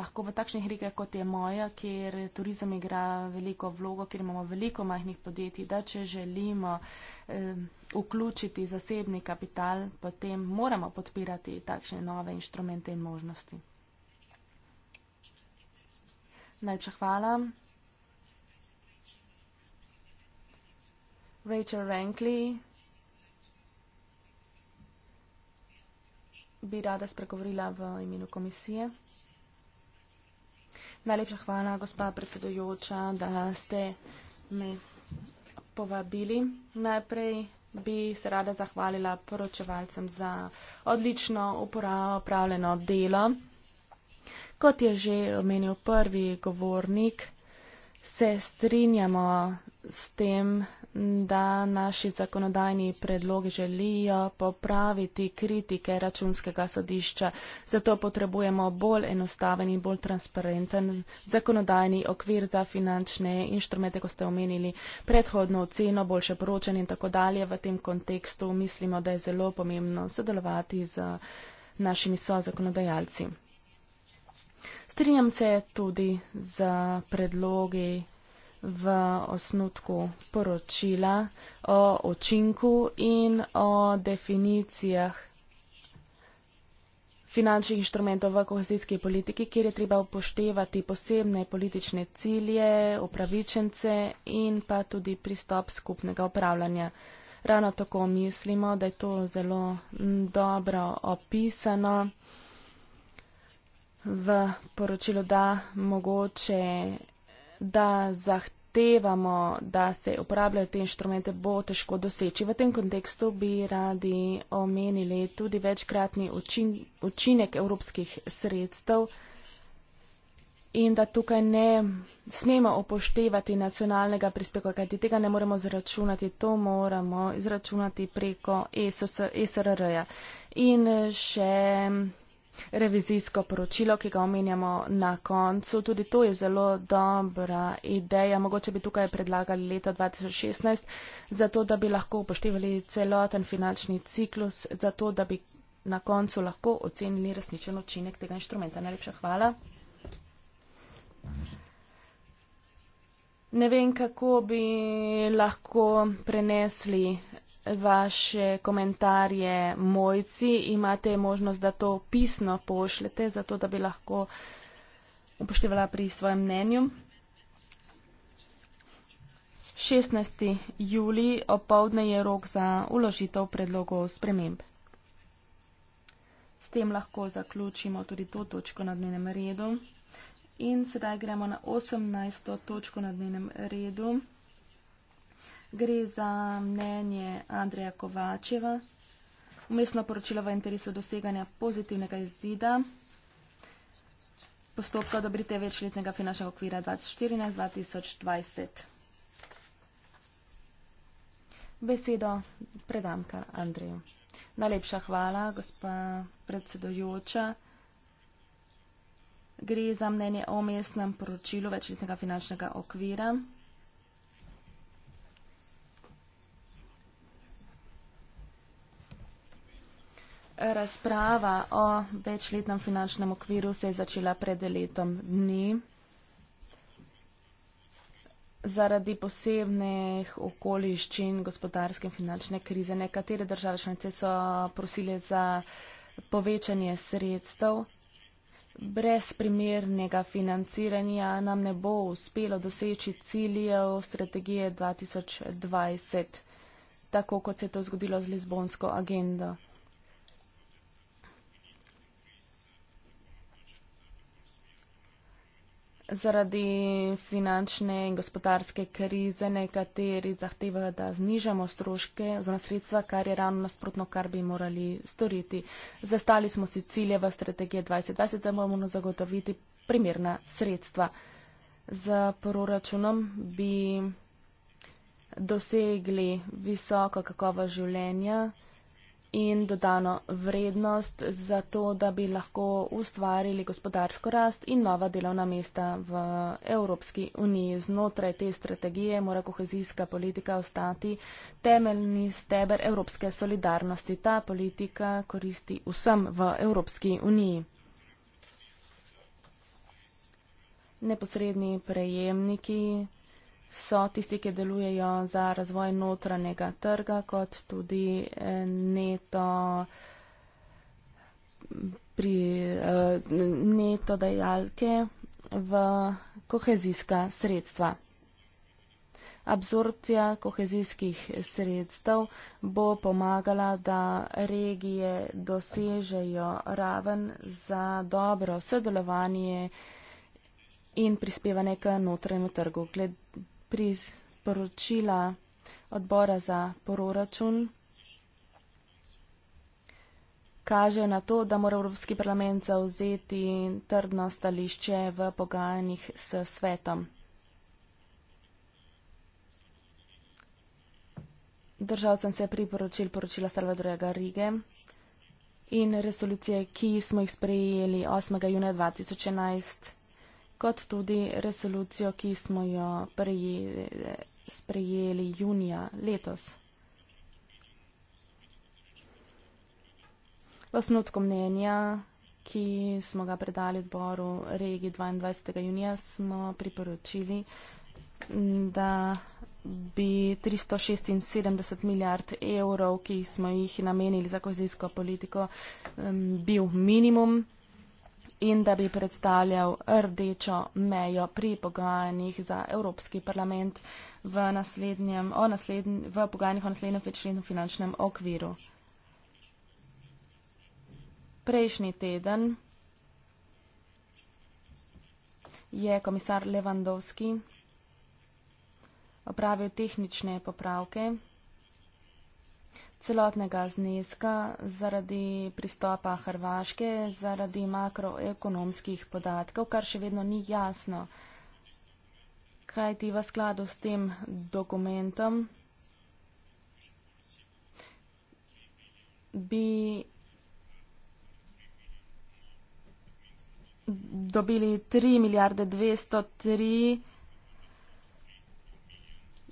lahko v takšnih regijah, kot je moja, kjer turizem igra veliko vlogo, kjer imamo veliko majhnih podjetij, da če želimo eh, vključiti zasebni kapital, potem moramo podpirati takšne nove inštrumente in možnosti. Najlepša hvala. Rachel Rankley. Bi rada spregovorila v imenu komisije. Najlepša hvala, gospa predsedujoča, da ste me povabili. Najprej bi se rada zahvalila poročevalcem za odlično upravljeno delo. Kot je že omenil prvi govornik, se strinjamo s tem, da naši zakonodajni predlogi želijo popraviti kritike računskega sodišča. Zato potrebujemo bolj enostaven in bolj transparenten zakonodajni okvir za finančne inštrumente, ko ste omenili predhodno oceno, boljše poročanje in tako dalje. V tem kontekstu mislimo, da je zelo pomembno sodelovati z našimi sozakonodajalci. Strinjam se tudi z predlogi v osnutku poročila o očinku in o definicijah finančnih inštrumentov v kohezijski politiki, kjer je treba upoštevati posebne politične cilje, upravičence in pa tudi pristop skupnega upravljanja. Ravno tako mislimo, da je to zelo dobro opisano v poročilu, da mogoče, da zahtevamo, da se uporabljajo te inštrumente, bo težko doseči. V tem kontekstu bi radi omenili tudi večkratni učin, učinek evropskih sredstev in da tukaj ne smemo upoštevati nacionalnega prispevka, kajti tega ne moremo zračunati, to moramo izračunati preko ESRR-ja. In še revizijsko poročilo, ki ga omenjamo na koncu. Tudi to je zelo dobra ideja. Mogoče bi tukaj predlagali leto 2016, zato da bi lahko upoštevali celoten finančni ciklus, zato da bi na koncu lahko ocenili resničen učinek tega inštrumenta. Najlepša hvala. Ne vem, kako bi lahko prenesli vaše komentarje mojci, imate možnost, da to pisno pošljete, zato da bi lahko upoštevala pri svojem mnenju. 16. juli opovdne je rok za uložitev predlogov sprememb. S tem lahko zaključimo tudi to točko na dnevnem redu. In sedaj gremo na 18. točko na dnevnem redu gre za mnenje Andreja Kovačeva, umestno poročilo v interesu doseganja pozitivnega izida postopka odobrite večletnega finančnega okvira 2014-2020. Besedo predam kar Andreju. Najlepša hvala, gospa predsedojoča. Gre za mnenje o mestnem poročilu večletnega finančnega okvira. Razprava o večletnem finančnem okviru se je začela pred letom dni. Zaradi posebnih okoliščin gospodarske in finančne krize nekatere države članice so prosile za povečanje sredstev. Brez primernega financiranja nam ne bo uspelo doseči ciljev strategije 2020, tako kot se je to zgodilo z Lizbonsko agendo. zaradi finančne in gospodarske krize nekateri zahtevajo, da znižamo stroške oziroma sredstva, kar je ravno nasprotno, kar bi morali storiti. Zastali smo si cilje v strategiji 2020, da moramo zagotoviti primerna sredstva. Za proračunom bi dosegli visoko kakovo življenja in dodano vrednost za to, da bi lahko ustvarili gospodarsko rast in nova delovna mesta v Evropski uniji. Znotraj te strategije mora kohezijska politika ostati temeljni steber evropske solidarnosti. Ta politika koristi vsem v Evropski uniji. Neposredni prejemniki so tisti, ki delujejo za razvoj notranjega trga, kot tudi eh, neto, pri, eh, neto dajalke v kohezijska sredstva. Absorpcija kohezijskih sredstev bo pomagala, da regije dosežejo raven za dobro sodelovanje in prispevanje k notranjemu trgu. Glede priporočila odbora za proračun kažejo na to, da mora Evropski parlament zauzeti trdno stališče v pogajanjih s svetom. Držal sem se priporočil poročila Salvadorja Garige in resolucije, ki smo jih sprejeli 8. junija 2011 kot tudi resolucijo, ki smo jo prejeli, sprejeli junija letos. V osnutku mnenja, ki smo ga predali odboru regi 22. junija, smo priporočili, da bi 376 milijard evrov, ki smo jih namenili za kozijsko politiko, bil minimum in da bi predstavljal rdečo mejo pri pogajanjih za Evropski parlament v, nasledn, v pogajanjih o naslednjem večletnem finančnem okviru. Prejšnji teden je komisar Levandovski opravil tehnične popravke celotnega zneska zaradi pristopa Hrvaške, zaradi makroekonomskih podatkov, kar še vedno ni jasno. Kaj ti v skladu s tem dokumentom bi dobili 3 milijarde 203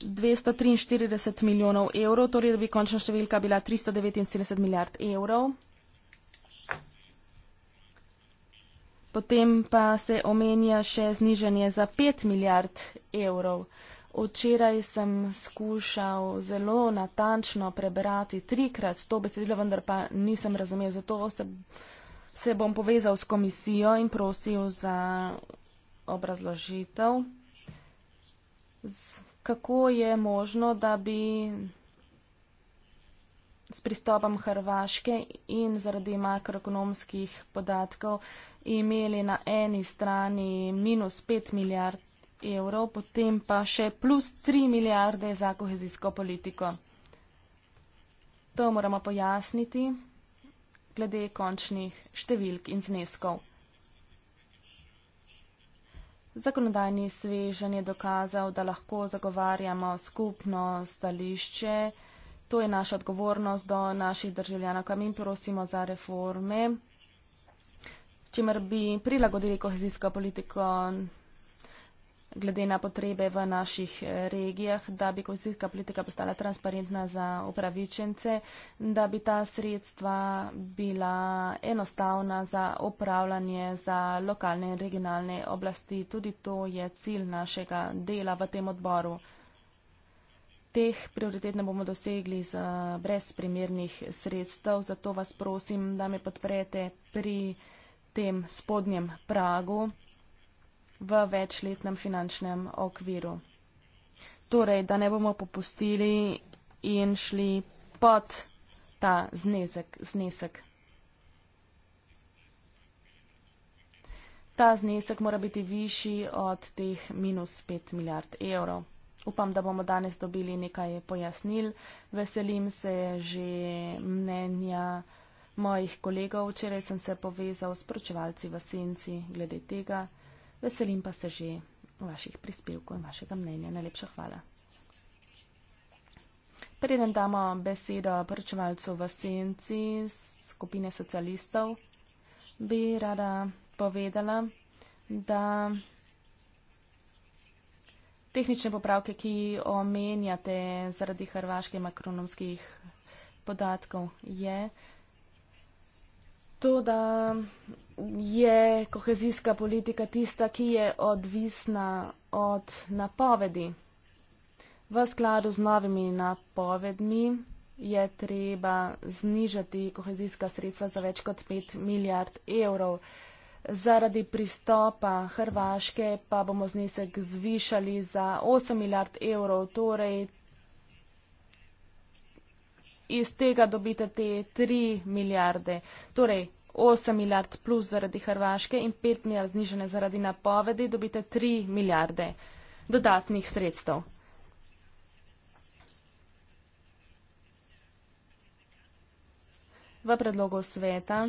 243 milijonov evrov, torej da bi končna številka bila 379 milijard evrov. Potem pa se omenja še zniženje za 5 milijard evrov. Včeraj sem skušal zelo natančno prebrati trikrat to besedilo, vendar pa nisem razumel. Zato se, se bom povezal s komisijo in prosil za obrazložitev. Z kako je možno, da bi s pristopom Hrvaške in zaradi makroekonomskih podatkov imeli na eni strani minus 5 milijard evrov, potem pa še plus 3 milijarde za kohezijsko politiko. To moramo pojasniti glede končnih številk in zneskov. Zakonodajni svežen je dokazal, da lahko zagovarjamo skupno stališče. To je naša odgovornost do naših državljanov, kam jim prosimo za reforme, čemer bi prilagodili kohezijsko politiko glede na potrebe v naših eh, regijah, da bi kohezijska politika postala transparentna za upravičence, da bi ta sredstva bila enostavna za upravljanje za lokalne in regionalne oblasti. Tudi to je cilj našega dela v tem odboru. Teh prioritet ne bomo dosegli z, eh, brez primernih sredstev, zato vas prosim, da me podprete pri tem spodnjem pragu v večletnem finančnem okviru. Torej, da ne bomo popustili in šli pod ta znesek. znesek. Ta znesek mora biti višji od teh minus 5 milijard evrov. Upam, da bomo danes dobili nekaj pojasnil. Veselim se že mnenja mojih kolegov. Včeraj sem se povezal s pročevalci v senci glede tega. Veselim pa se že vaših prispevkov in vašega mnenja. Najlepša hvala. Preden damo besedo poročevalcu v senci skupine socialistov, bi rada povedala, da tehnične popravke, ki omenjate zaradi hrvaških makronomskih podatkov, je, to, da je kohezijska politika tista, ki je odvisna od napovedi. V skladu z novimi napovedmi je treba znižati kohezijska sredstva za več kot 5 milijard evrov. Zaradi pristopa Hrvaške pa bomo znesek zvišali za 8 milijard evrov, torej iz tega dobite te 3 milijarde. Torej, 8 milijard plus zaradi Hrvaške in 5 milijard znižene zaradi napovedi, dobite 3 milijarde dodatnih sredstev. V predlogu sveta,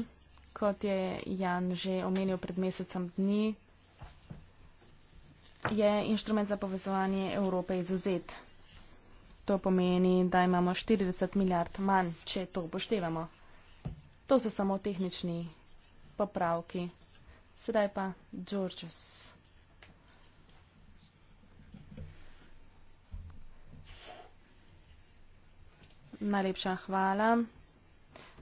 kot je Jan že omenil pred mesecem dni, je inštrument za povezovanje Evrope izuzet. To pomeni, da imamo 40 milijard manj, če to upoštevamo. To so samo tehnični popravki. Sedaj pa Georges. Najlepša hvala.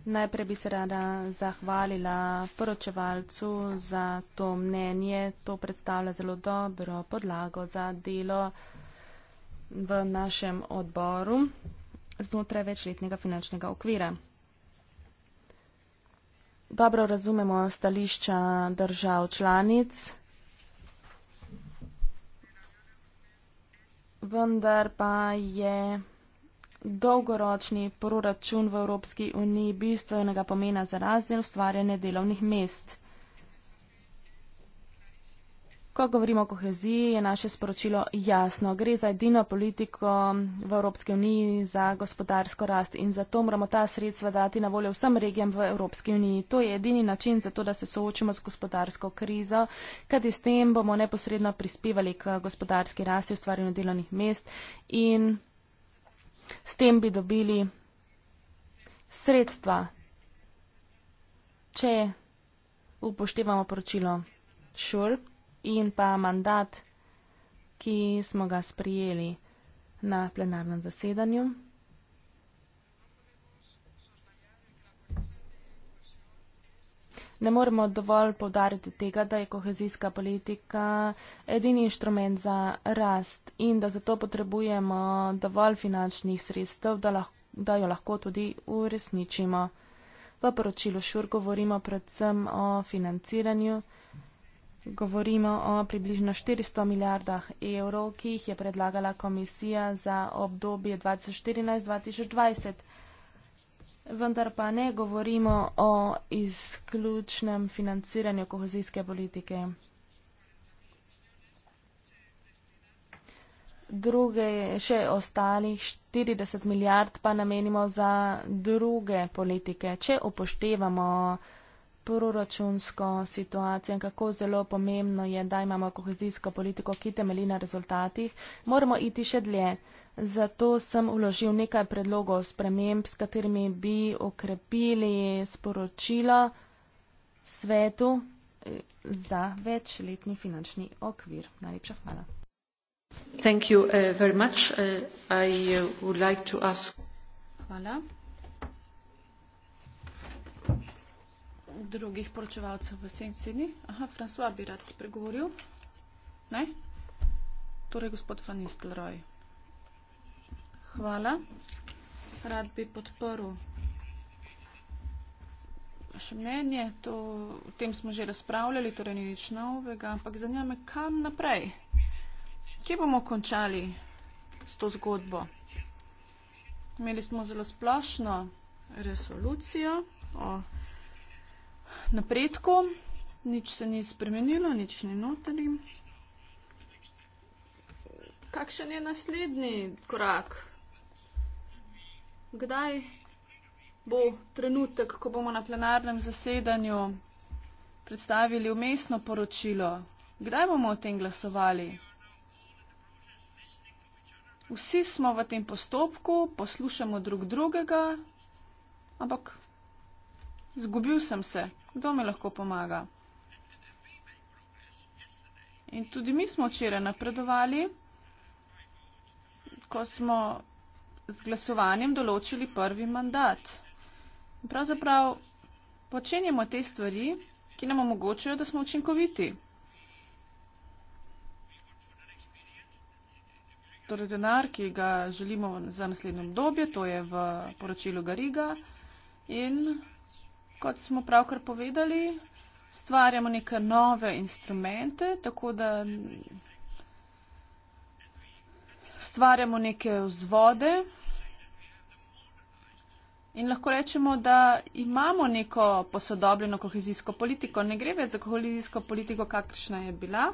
Najprej bi se rada zahvalila poročevalcu za to mnenje. To predstavlja zelo dobro podlago za delo v našem odboru znotraj večletnega finančnega okvira. Dobro razumemo stališča držav članic, vendar pa je dolgoročni proračun v Evropski uniji bistvenega pomena za razne ustvarjanje delovnih mest. Ko govorimo o koheziji, je naše sporočilo jasno. Gre za edino politiko v Evropski uniji za gospodarsko rast in zato moramo ta sredstva dati na voljo vsem regijam v Evropski uniji. To je edini način za to, da se soočimo z gospodarsko krizo, kajti s tem bomo neposredno prispevali k gospodarski rasti ustvarjanju delovnih mest in s tem bi dobili sredstva, če upoštevamo poročilo ŠURP. Sure in pa mandat, ki smo ga sprijeli na plenarnem zasedanju. Ne moremo dovolj povdariti tega, da je kohezijska politika edini inštrument za rast in da zato potrebujemo dovolj finančnih sredstev, da, lahko, da jo lahko tudi uresničimo. V poročilu šur govorimo predvsem o financiranju. Govorimo o približno 400 milijardah evrov, ki jih je predlagala komisija za obdobje 2014-2020. Vendar pa ne govorimo o izključnem financiranju kohezijske politike. Druge, še ostalih 40 milijard pa namenimo za druge politike. Če upoštevamo proračunsko situacijo in kako zelo pomembno je, da imamo kohezijsko politiko, ki temelji na rezultatih, moramo iti še dlje. Zato sem uložil nekaj predlogov sprememb, s katerimi bi okrepili sporočilo svetu eh, za večletni finančni okvir. Najlepša hvala. Eh, eh, hvala. drugih poročevalcev v senci ni. Aha, François bi rad spregovoril. Ne? Torej, gospod Van Nistelrooy. Hvala. Rad bi podporil vaše mnenje. To, o tem smo že razpravljali, torej ni nič novega, ampak zanima me, kam naprej? Kje bomo končali s to zgodbo? Imeli smo zelo splošno resolucijo o napredku, nič se ni spremenilo, nič ni notri. Kakšen je naslednji korak? Kdaj bo trenutek, ko bomo na plenarnem zasedanju predstavili umestno poročilo? Kdaj bomo o tem glasovali? Vsi smo v tem postopku, poslušamo drug drugega, ampak Zgubil sem se. Kdo mi lahko pomaga? In tudi mi smo včeraj napredovali, ko smo z glasovanjem določili prvi mandat. Pravzaprav počenjamo te stvari, ki nam omogočajo, da smo učinkoviti. Torej denar, ki ga želimo za naslednjo obdobje, to je v poročilu Gariga in Kot smo pravkar povedali, ustvarjamo neke nove instrumente, tako da ustvarjamo neke vzvode. In lahko rečemo, da imamo neko posodobljeno kohezijsko politiko. Ne gre več za kohezijsko politiko, kakršna je bila,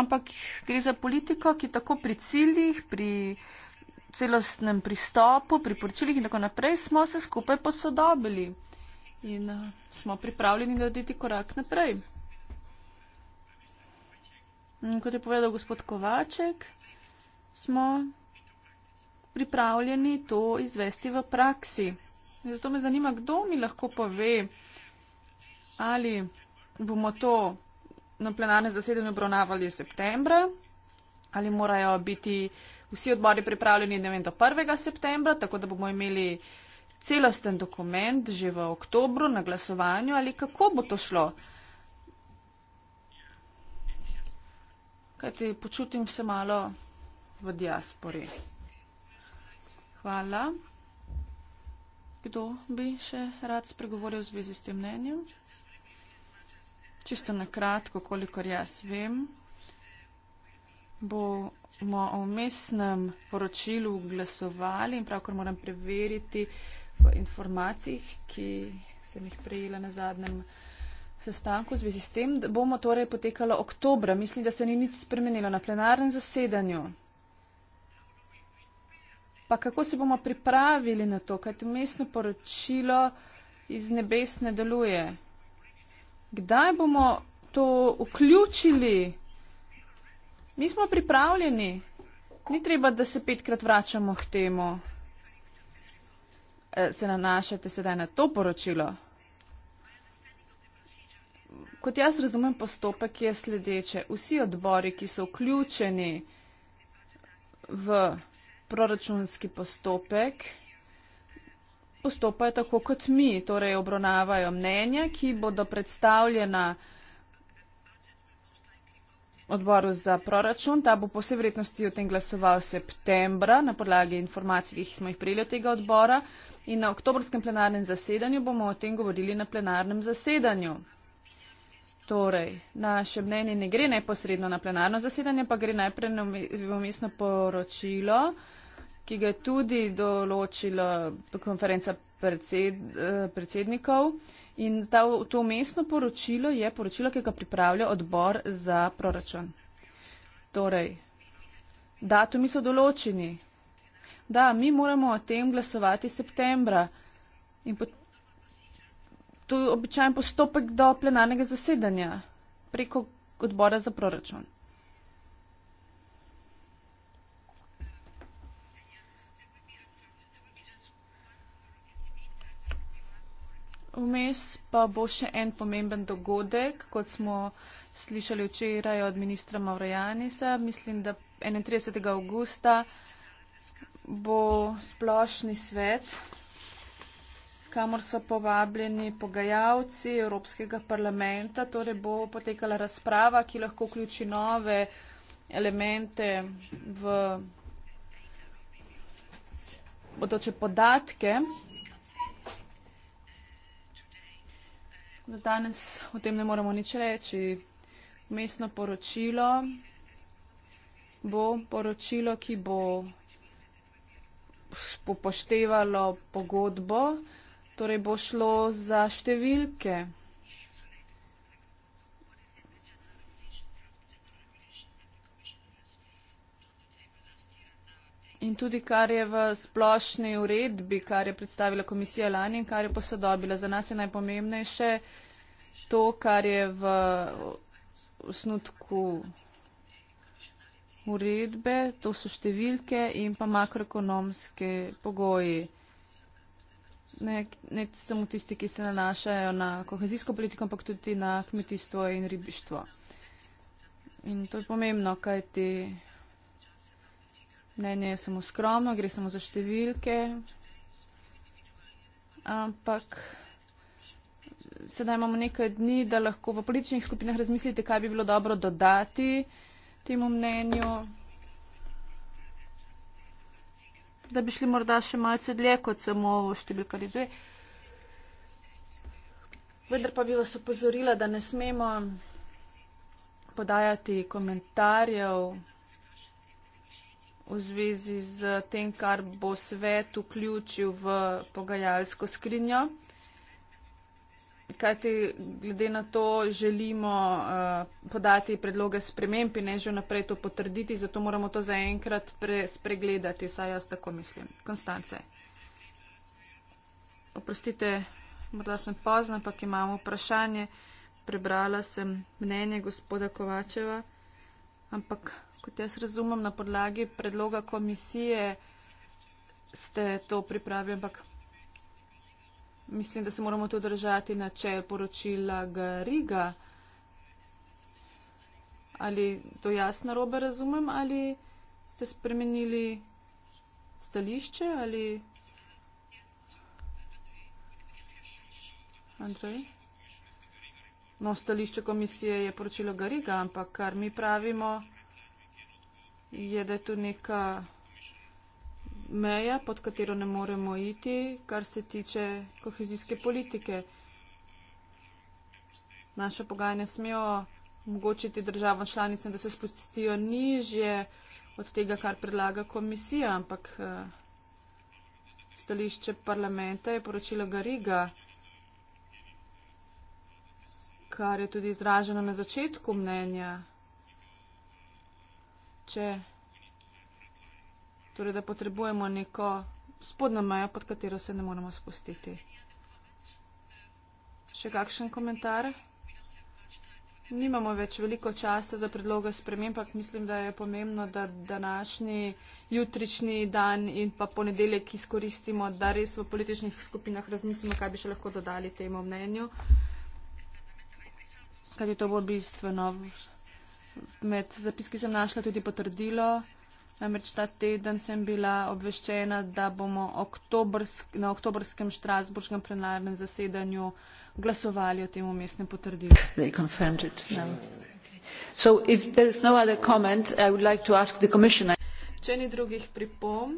ampak gre za politiko, ki tako pri ciljih, pri celostnem pristopu, pri poročilih in tako naprej, smo se skupaj posodobili in uh, smo pripravljeni narediti korak naprej. In kot je povedal gospod Kovaček, smo pripravljeni to izvesti v praksi. In zato me zanima, kdo mi lahko pove, ali bomo to na plenarne zasedanje obravnavali septembra, ali morajo biti uh, vsi odbori pripravljeni vem, do 1. septembra, tako da bomo imeli celosten dokument že v oktobru na glasovanju ali kako bo to šlo. Kajti počutim se malo v diaspori. Hvala. Kdo bi še rad spregovoril v zvezi s tem mnenjem? Čisto na kratko, kolikor jaz vem, bo smo o umestnem poročilu glasovali in pravkar moram preveriti v informacijah, ki sem jih prejela na zadnjem sestanku z vizi s tem, da bomo torej potekalo oktobra. Mislim, da se ni nič spremenilo na plenarnem zasedanju. Pa kako se bomo pripravili na to, kaj to umestno poročilo iz nebes ne deluje? Kdaj bomo to vključili? Mi smo pripravljeni. Ni treba, da se petkrat vračamo k temu. E, se nanašate sedaj na to poročilo? Kot jaz razumem, postopek je sledeče. Vsi odbori, ki so vključeni v proračunski postopek, postopajo tako kot mi, torej obronavajo mnenja, ki bodo predstavljena odboru za proračun. Ta bo po vsej vrednosti o tem glasoval septembra na podlagi informacij, ki smo jih prejeli od tega odbora. In na oktobrskem plenarnem zasedanju bomo o tem govorili na plenarnem zasedanju. Torej, naše mnenje ne gre neposredno na plenarno zasedanje, pa gre najprej na umestno poročilo ki ga je tudi določila konferenca predsed, eh, predsednikov. In ta, to mestno poročilo je poročilo, ki ga pripravlja odbor za proračun. Torej, datumi so določeni. Da, mi moramo o tem glasovati septembra. In pot, to je običajen postopek do plenarnega zasedanja preko odbora za proračun. Vmes pa bo še en pomemben dogodek, kot smo slišali včeraj od ministra Maurejanisa. Mislim, da 31. augusta bo splošni svet, kamor so povabljeni pogajalci Evropskega parlamenta. Torej bo potekala razprava, ki lahko vključi nove elemente v bodoče podatke da danes o tem ne moremo nič reči. Mestno poročilo bo poročilo, ki bo upoštevalo pogodbo, torej bo šlo za številke. In tudi, kar je v splošni uredbi, kar je predstavila komisija lani in kar je posodobila, za nas je najpomembnejše, da to, kar je v osnutku uredbe, to so številke in pa makroekonomske pogoji. Ne, ne samo tisti, ki se nanašajo na kohezijsko politiko, ampak tudi na kmetijstvo in ribištvo. In to je pomembno, kaj ti mnenje je samo skromno, gre samo za številke, ampak sedaj imamo nekaj dni, da lahko v političnih skupinah razmislite, kaj bi bilo dobro dodati temu mnenju. Da bi šli morda še malce dlje kot samo številka ali dve. Vendar pa bi vas opozorila, da ne smemo podajati komentarjev v zvezi z tem, kar bo svet vključil v pogajalsko skrinjo. Kajti glede na to želimo uh, podati predloge sprememb in ne že naprej to potrditi, zato moramo to zaenkrat spregledati, vsaj jaz tako mislim. Konstance. Oprostite, morda sem pozna, ampak imamo vprašanje. Prebrala sem mnenje gospoda Kovačeva, ampak kot jaz razumem, na podlagi predloga komisije ste to pripravili, ampak mislim, da se moramo tudi držati načel poročila Gariga. Ali to jasno robe razumem, ali ste spremenili stališče, ali. Andrej? No, stališče komisije je poročilo Gariga, ampak kar mi pravimo, je, da je tu neka meja, pod katero ne moremo iti, kar se tiče kohezijske politike. Naša pogajanja smejo omogočiti državam članicam, da se spustijo nižje od tega, kar predlaga komisija, ampak eh, stališče parlamenta je poročilo Gariga, kar je tudi izraženo na začetku mnenja. Če torej da potrebujemo neko spodnjo mejo, pod katero se ne moramo spustiti. Še kakšen komentar? Nimamo več veliko časa za predloge sprememb, ampak mislim, da je pomembno, da današnji jutrični dan in pa ponedeljek izkoristimo, da res v političnih skupinah razmislimo, kaj bi še lahko dodali temu mnenju. Kaj je to bolj bistveno? Med zapiski sem našla tudi potrdilo. Namreč ta teden sem bila obveščena, da bomo oktobrsk, na oktobrskem Štrasburškem plenarnem zasedanju glasovali o tem umestnem potrdilu. No Če ni drugih pripomb,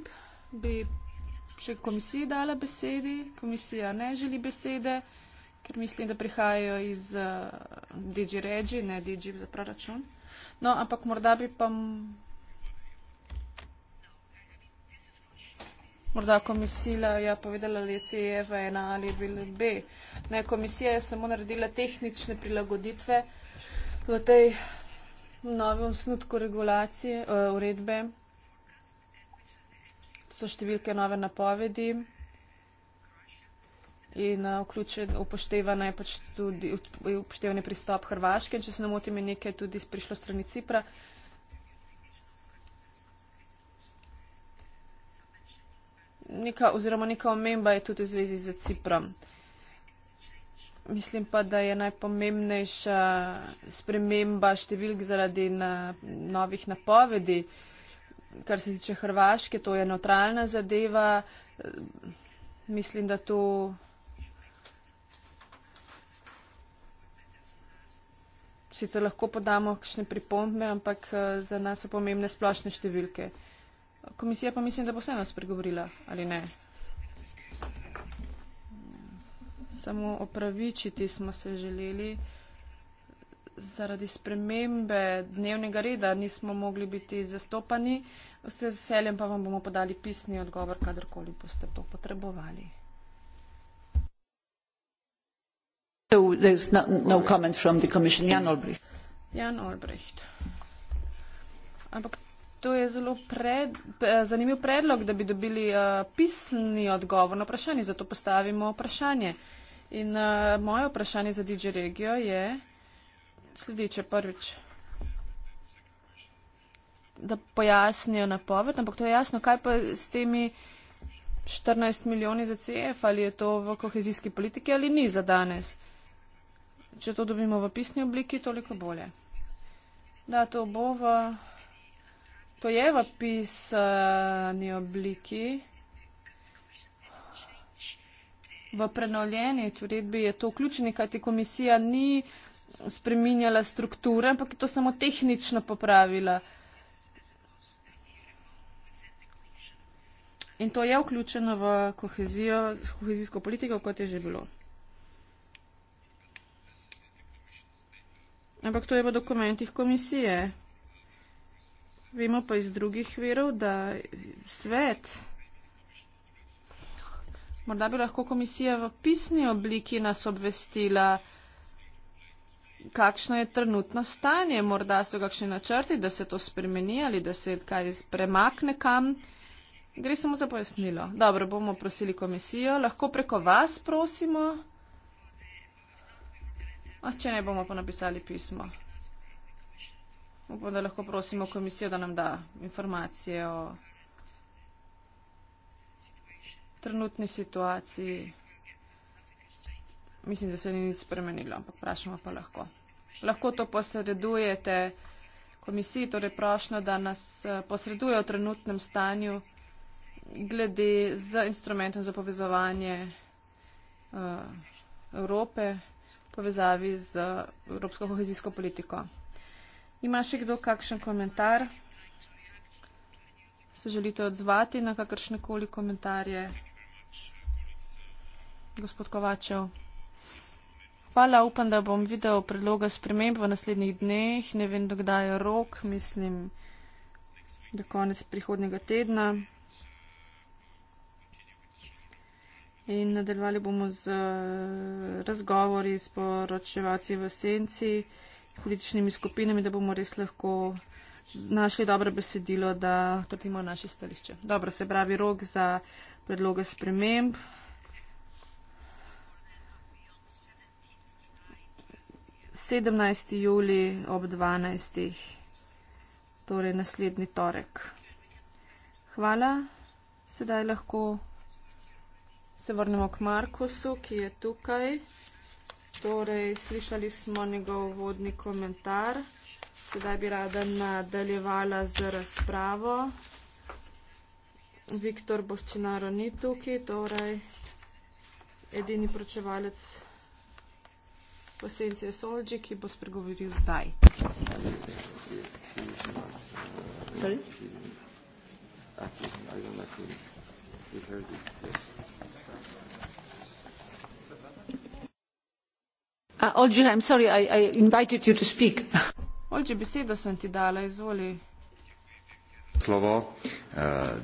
bi še komisiji dala besedi. Komisija ne želi besede, ker mislim, da prihajajo iz uh, eh, DG Regi, ne DG za proračun. No, ampak morda bi pa. Morda komisija je povedala, da je CEV1 ali je bil e B. Ne, komisija je samo naredila tehnične prilagoditve v tej novem snutku regulacije, eh, uredbe. So številke nove napovedi in eh, upoštevane je pač tudi upoštevane pristop Hrvaške. Če se ne motim, je nekaj tudi prišlo strani Cipra. neka, oziroma neka omemba je tudi v zvezi z Ciprom. Mislim pa, da je najpomembnejša sprememba številk zaradi na, novih napovedi, kar se tiče Hrvaške, to je neutralna zadeva. Mislim, da to. Sicer lahko podamo kakšne pripombe, ampak eh, za nas so pomembne splošne številke. Komisija pa mislim, da bo vseeno spregovorila, ali ne? Samo opravičiti smo se želeli. Zaradi spremembe dnevnega reda nismo mogli biti zastopani. Vse z veseljem pa vam bomo podali pisni odgovor, kadarkoli boste to potrebovali. No, no Jan Olbricht. Jan Olbricht. Ampak to je zelo pred, eh, zanimiv predlog, da bi dobili uh, pisni odgovor na vprašanje, zato postavimo vprašanje. In uh, moje vprašanje za DJ Regijo je sledeče prvič. Da pojasnijo napoved, ampak to je jasno, kaj pa s temi 14 milijoni za CF, ali je to v kohezijski politiki ali ni za danes. Če to dobimo v pisni obliki, toliko bolje. Da, to bo v To je v pisani obliki. V prenovljeni uredbi je to vključeno, kajti komisija ni spreminjala strukture, ampak je to samo tehnično popravila. In to je vključeno v kohezijo, kohezijsko politiko, kot je že bilo. Ampak to je v dokumentih komisije. Vemo pa iz drugih verov, da svet, morda bi lahko komisija v pisni obliki nas obvestila, kakšno je trenutno stanje, morda so kakšni načrti, da se to spremeni ali da se kaj premakne kam. Gre samo za pojasnilo. Dobro, bomo prosili komisijo, lahko preko vas prosimo. Oh, če ne bomo pa napisali pismo. Upam, da lahko prosimo komisijo, da nam da informacije o trenutni situaciji. Mislim, da se ni nič spremenilo, ampak vprašamo pa lahko. Lahko to posredujete komisiji, torej prošno, da nas eh, posreduje o trenutnem stanju glede z instrumentom za povezovanje uh, Evrope, povezavi z Evropsko kohezijsko politiko. Ima še kdo kakšen komentar? Se želite odzvati na kakršnekoli komentarje? Gospod Kovačev. Hvala, upam, da bom videl predloga sprememb v naslednjih dneh. Ne vem, dokdaj je rok, mislim, da konec prihodnega tedna. In nadaljevali bomo z eh, razgovori s poročevalci v senci političnimi skupinami, da bomo res lahko našli dobro besedilo, da trdimo naše stališče. Dobro, se pravi rok za predloge sprememb. Sedemnajsti juli ob dvanajstih, torej naslednji torek. Hvala, sedaj lahko se vrnemo k Markusu, ki je tukaj. Torej, slišali smo njegov vodni komentar. Sedaj bi rada nadaljevala z razpravo. Viktor Boščinaro ni tukaj, torej edini pročevalec posencije Solži, ki bo spregovoril zdaj. Sorry? Uh, uh,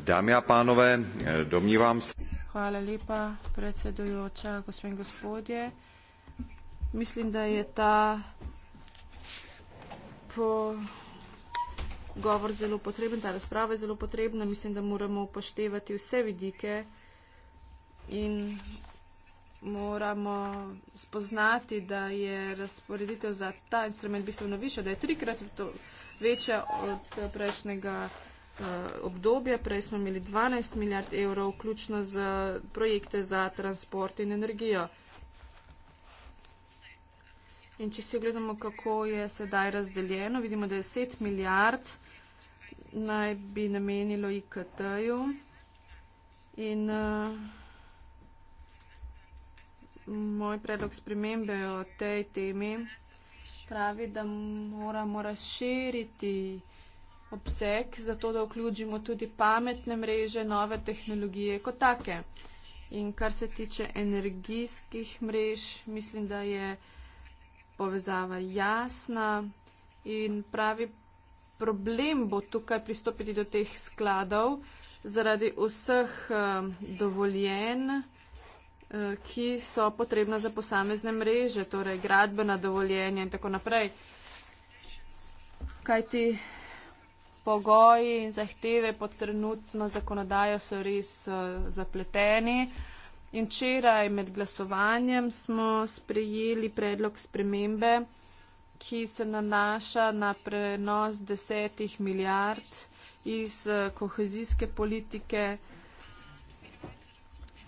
dámy a pánové uh, domnívám se pane předsedající gospe in gospodje mislim da je ta pogovor zelo potreben ta razprava je zelo potrebna mislim da moramo upoštevati vse vidike in moramo spoznati, da je razporeditev za ta instrument bistveno više, da je trikrat večja od prejšnjega eh, obdobja. Prej smo imeli 12 milijard evrov, vključno z projekte za transport in energijo. In če si ogledamo, kako je sedaj razdeljeno, vidimo, da je 10 milijard naj bi namenilo IKT-ju. In uh, moj predlog spremembe o tej temi pravi, da moramo razširiti obseg, zato da vključimo tudi pametne mreže, nove tehnologije kot take. In kar se tiče energijskih mrež, mislim, da je povezava jasna in pravi problem bo tukaj pristopiti do teh skladov zaradi vseh uh, eh, dovoljen. Eh, ki so potrebna za posamezne mreže, torej gradbena dovoljenja in tako naprej. Kaj ti pogoji in zahteve pod trenutno zakonodajo so res eh, zapleteni. In včeraj med glasovanjem smo sprejeli predlog spremembe, ki se nanaša na prenos desetih milijard iz eh, kohezijske politike.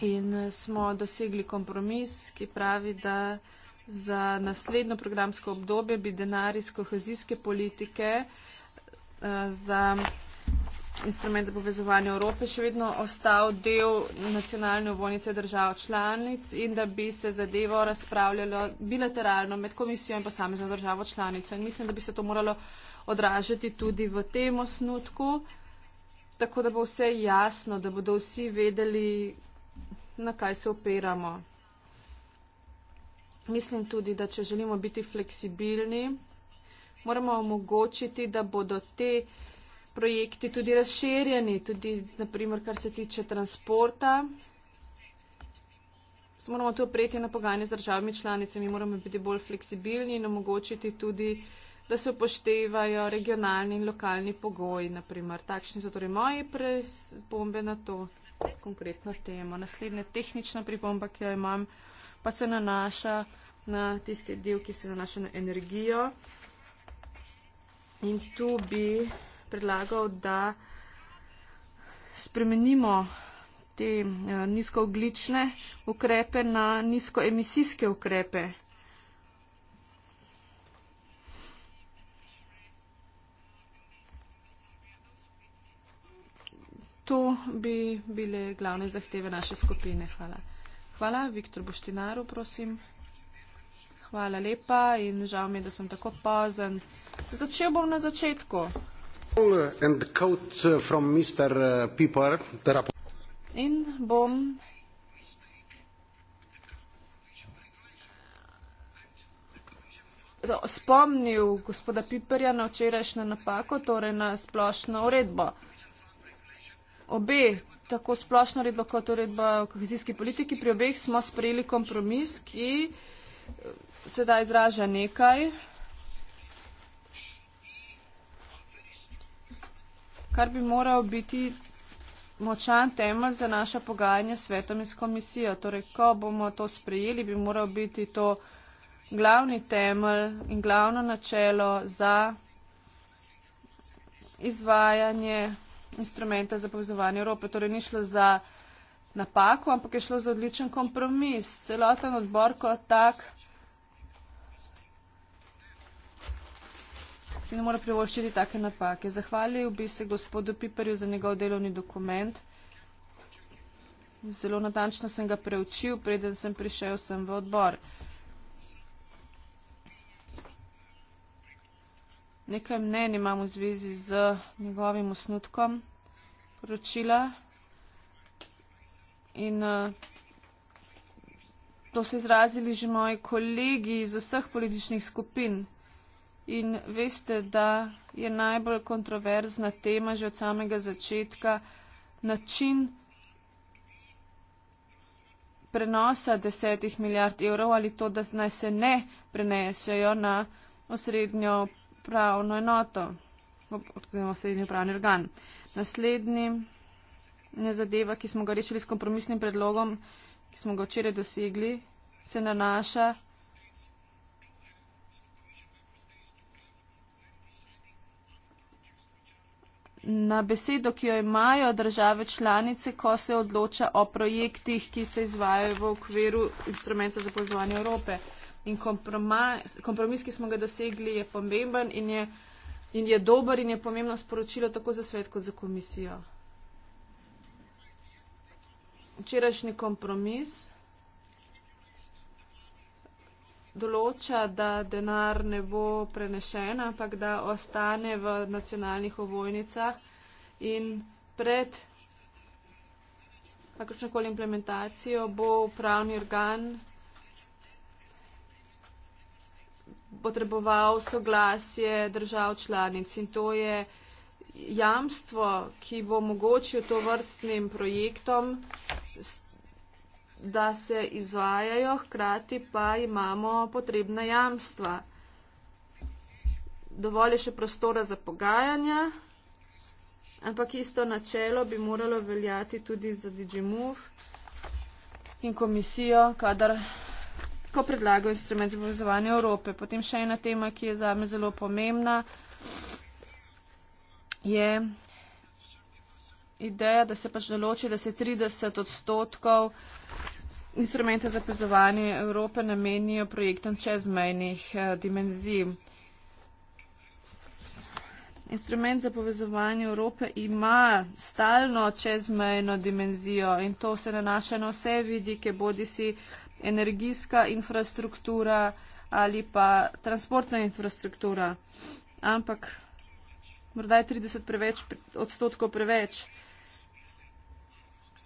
In eh, smo dosegli kompromis, ki pravi, da za naslednjo programsko obdobje bi denar iz kohezijske politike eh, za instrument za povezovanje Evrope še vedno ostal del nacionalne ovojnice držav članic in da bi se zadevo razpravljalo bilateralno med komisijo in posamezno državo članico. In mislim, da bi se to moralo odražati tudi v tem osnutku, tako da bo vse jasno, da bodo vsi vedeli, na kaj se opiramo. Mislim tudi, da če želimo biti fleksibilni, moramo omogočiti, da bodo ti projekti tudi razširjeni, tudi naprimer, kar se tiče transporta. Se moramo tu opreti na pogajanje z državami članicami, moramo biti bolj fleksibilni in omogočiti tudi, da se upoštevajo regionalni in lokalni pogoji. Naprimer. Takšni so torej moje pombe na to konkretno temo. Naslednja tehnična pripomba, ki jo imam, pa se nanaša na tisti del, ki se nanaša na energijo. In tu bi predlagal, da spremenimo te eh, nizkooglične ukrepe na nizkoemisijske ukrepe. to bi bile glavne zahteve naše skupine. Hvala. Hvala, Viktor Boštinaru, prosim. Hvala lepa in žal mi, da sem tako pozen. Začel bom na začetku. Uh, in bom. Spomnil gospoda Piperja na včerajšnjo napako, torej na splošno uredbo obe, tako splošna redba kot redba o kohezijski politiki, pri obeh smo sprejeli kompromis, ki eh, sedaj izraža nekaj. kar bi moral biti močan temelj za naša pogajanja s svetom in s komisijo. Torej, ko bomo to sprejeli, bi moral biti to glavni temelj in glavno načelo za izvajanje instrumente za povezovanje Evrope. Torej ni šlo za napako, ampak je šlo za odličen kompromis. Celoten odbor kot tak si ne more privoščiti take napake. Zahvalil bi se gospodu Piperju za njegov delovni dokument. Zelo natančno sem ga preučil, preden sem prišel sem v odbor. nekaj mnen imam v zvezi z njegovim osnutkom poročila. In uh, to so izrazili že moji kolegi iz vseh političnih skupin. In veste, da je najbolj kontroverzna tema že od samega začetka način prenosa desetih milijard evrov ali to, da naj se ne prenesejo na osrednjo upravno enoto, oziroma srednji upravni organ. Naslednji je zadeva, ki smo ga rešili s kompromisnim predlogom, ki smo ga včeraj dosegli, se nanaša. Na besedo, ki jo imajo države članice, ko se odloča o projektih, ki se izvajajo v okviru instrumenta za povezovanje Evrope in kompromis, kompromis, ki smo ga dosegli, je pomemben in je, in je dober in je pomembno sporočilo tako za svet kot za komisijo. Včerajšnji kompromis določa, da denar ne bo prenešen, ampak da ostane v nacionalnih ovojnicah in pred kakršnokoli implementacijo bo upravni organ, potreboval soglasje držav članic in to je jamstvo, ki bo omogočil to vrstnim projektom, da se izvajajo, hkrati pa imamo potrebna jamstva. Dovolj je še prostora za pogajanja, ampak isto načelo bi moralo veljati tudi za DigiMove in komisijo, kadar ko predlagajo instrument za povezovanje Evrope. Potem še ena tema, ki je zame zelo pomembna, je ideja, da se pač določi, da se 30 odstotkov instrumenta za povezovanje Evrope namenijo projektom čezmejnih eh, dimenzij. Instrument za povezovanje Evrope ima stalno čezmejno dimenzijo in to se nanaša na vse vidike, bodi si energijska infrastruktura ali pa transportna infrastruktura. Ampak morda je 30 preveč, odstotkov preveč.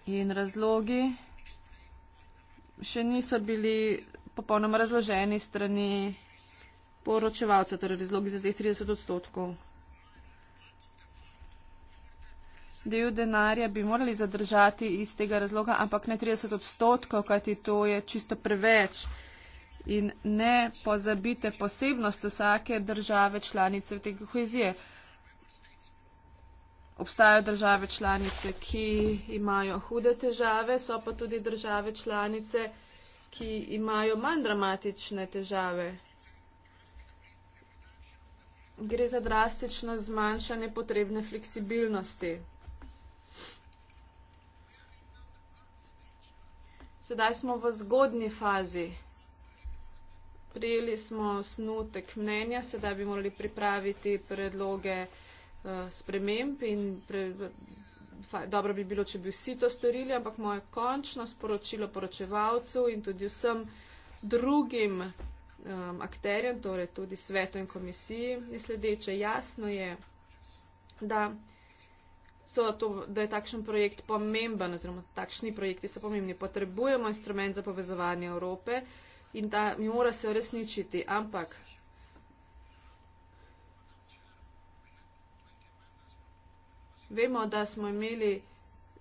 In razlogi še niso bili popolnoma razloženi strani poročevalca, torej razlogi za teh 30 odstotkov. del denarja bi morali zadržati iz tega razloga, ampak ne 30 odstotkov, kajti to je čisto preveč. In ne pozabite posebnost vsake države članice v tej kohezije. Obstajajo države članice, ki imajo hude težave, so pa tudi države članice, ki imajo manj dramatične težave. Gre za drastično zmanjšanje potrebne fleksibilnosti. Sedaj smo v zgodni fazi. Prijeli smo snutek mnenja, sedaj bi morali pripraviti predloge uh, sprememb in pre, faj, dobro bi bilo, če bi vsi to storili, ampak moje končno sporočilo poročevalcu in tudi vsem drugim um, akterjem, torej tudi svetu in komisiji, je sledeče. Jasno je, da so to, da je takšen projekt pomemben, oziroma takšni projekti so pomembni. Potrebujemo instrument za povezovanje Evrope in ta mora se uresničiti. Ampak. Vemo, da smo imeli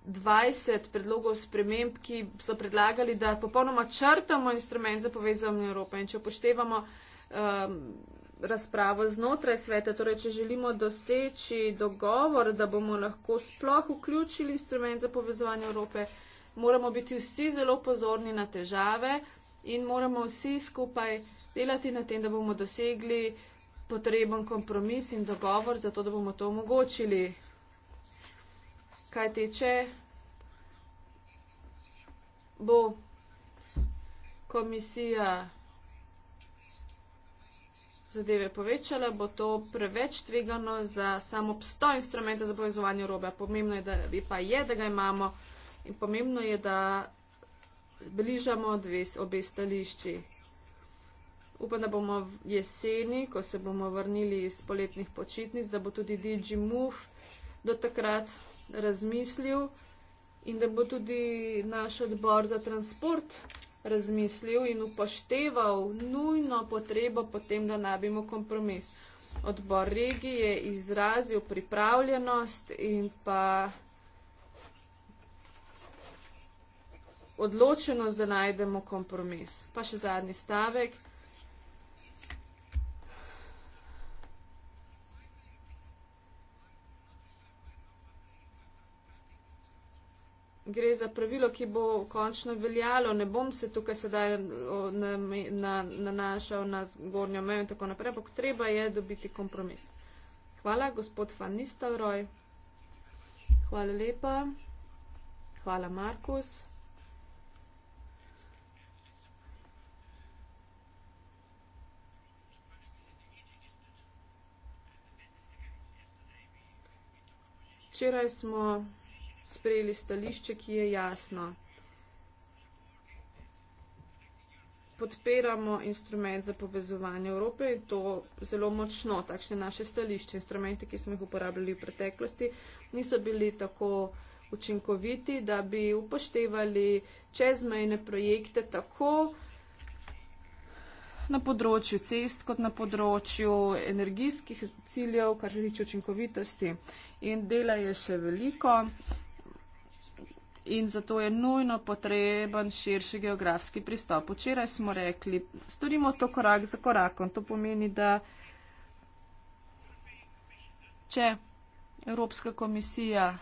20 predlogov sprememb, ki so predlagali, da popolnoma črtamo instrument za povezovanje Evrope. In če upoštevamo um, razpravo znotraj sveta. Torej, če želimo doseči dogovor, da bomo lahko sploh vključili instrument za povezovanje Evrope, moramo biti vsi zelo pozorni na težave in moramo vsi skupaj delati na tem, da bomo dosegli potreben kompromis in dogovor, zato da bomo to omogočili. Kaj teče? Bo komisija zadeve povečale, bo to preveč tvegano za samo obstoj instrumenta za povezovanje robe. Pomembno je, da bi pa je, da ga imamo in pomembno je, da bližamo dve, obe stališči. Upam, da bomo v jeseni, ko se bomo vrnili iz poletnih počitnic, da bo tudi DJ Move do takrat razmislil in da bo tudi naš odbor za transport razmislil in upošteval nujno potrebo potem, da nabimo kompromis. Odbor regi je izrazil pripravljenost in pa odločenost, da najdemo kompromis. Pa še zadnji stavek. gre za pravilo, ki bo končno veljalo. Ne bom se tukaj sedaj nanašal na zgornjo mejo in tako naprej, ampak treba je dobiti kompromis. Hvala, gospod Fanistavroj. Hvala lepa. Hvala, Markus. Včeraj smo sprejeli stališče, ki je jasno. Podpiramo instrument za povezovanje Evrope in to zelo močno, takšne naše stališče. Instrumente, ki smo jih uporabljali v preteklosti, niso bili tako učinkoviti, da bi upoštevali čezmejne projekte tako na področju cest, kot na področju energijskih ciljev, kar se tiče učinkovitosti. In dela je še veliko in zato je nujno potreben širši geografski pristop. Včeraj smo rekli, storimo to korak za korakom. To pomeni, da če Evropska komisija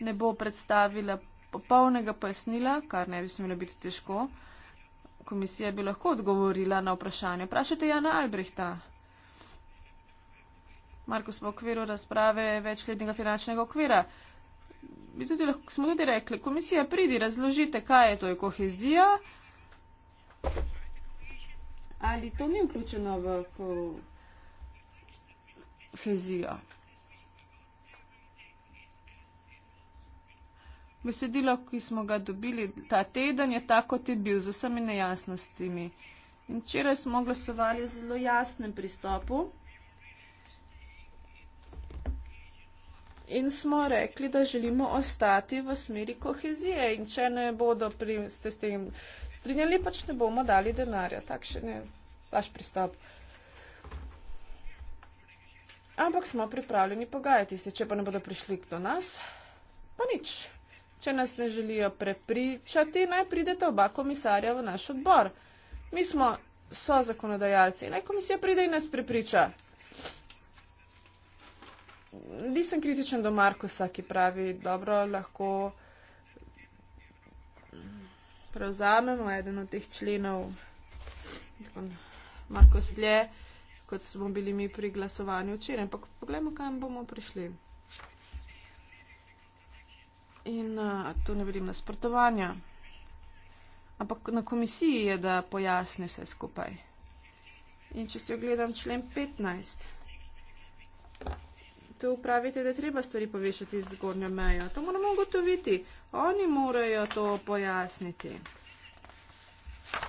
ne bo predstavila popolnega pojasnila, kar ne bi smelo biti težko, komisija bi lahko odgovorila na vprašanje. Prašite Jana Albrehta. Marko smo v okviru razprave večletnega finančnega okvira bi tudi lahko, smo tudi rekli, komisija pridi, razložite, kaj je to je kohezija. Ali to ni vključeno v kohezijo? Besedilo, ki smo ga dobili ta teden, je tako, kot je bil, z vsemi nejasnostimi. In včeraj smo glasovali o zelo jasnem pristopu. in smo rekli, da želimo ostati v smeri kohezije in če ne bodo pri, ste s tem strinjali, pač ne bomo dali denarja. Takšen je vaš pristop. Ampak smo pripravljeni pogajati se, če pa ne bodo prišli do nas, pa nič. Če nas ne želijo prepričati, naj pridete oba komisarja v naš odbor. Mi smo so zakonodajalci. Naj komisija pride in nas prepriča nisem kritičen do Markusa, ki pravi, dobro, lahko prevzamemo eden od teh členov. Markus dlje, kot smo bili mi pri glasovanju včeraj, ampak poglejmo, kam bomo prišli. In uh, tu ne vidim nasprotovanja. Ampak na komisiji je, da pojasni vse skupaj. In če si ogledam člen 15 to pravite, da je treba stvari povešati z zgornjo mejo. To moramo ugotoviti. Oni morajo to pojasniti.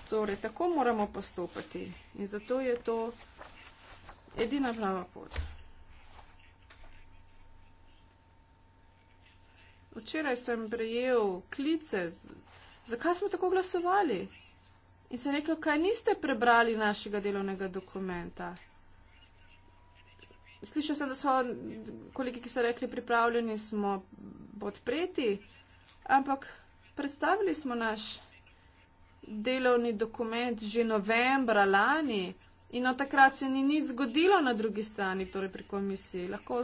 Torej, tako moramo postopati. In zato je to edina prava pot. Včeraj sem prejel klice, zakaj smo tako glasovali. In sem rekel, kaj niste prebrali našega delovnega dokumenta. Slišal sem, da so kolegi, ki so rekli, pripravljeni smo podpreti, ampak predstavili smo naš delovni dokument že novembra lani in od takrat se ni nič zgodilo na drugi strani, torej pri komisiji. Lahko.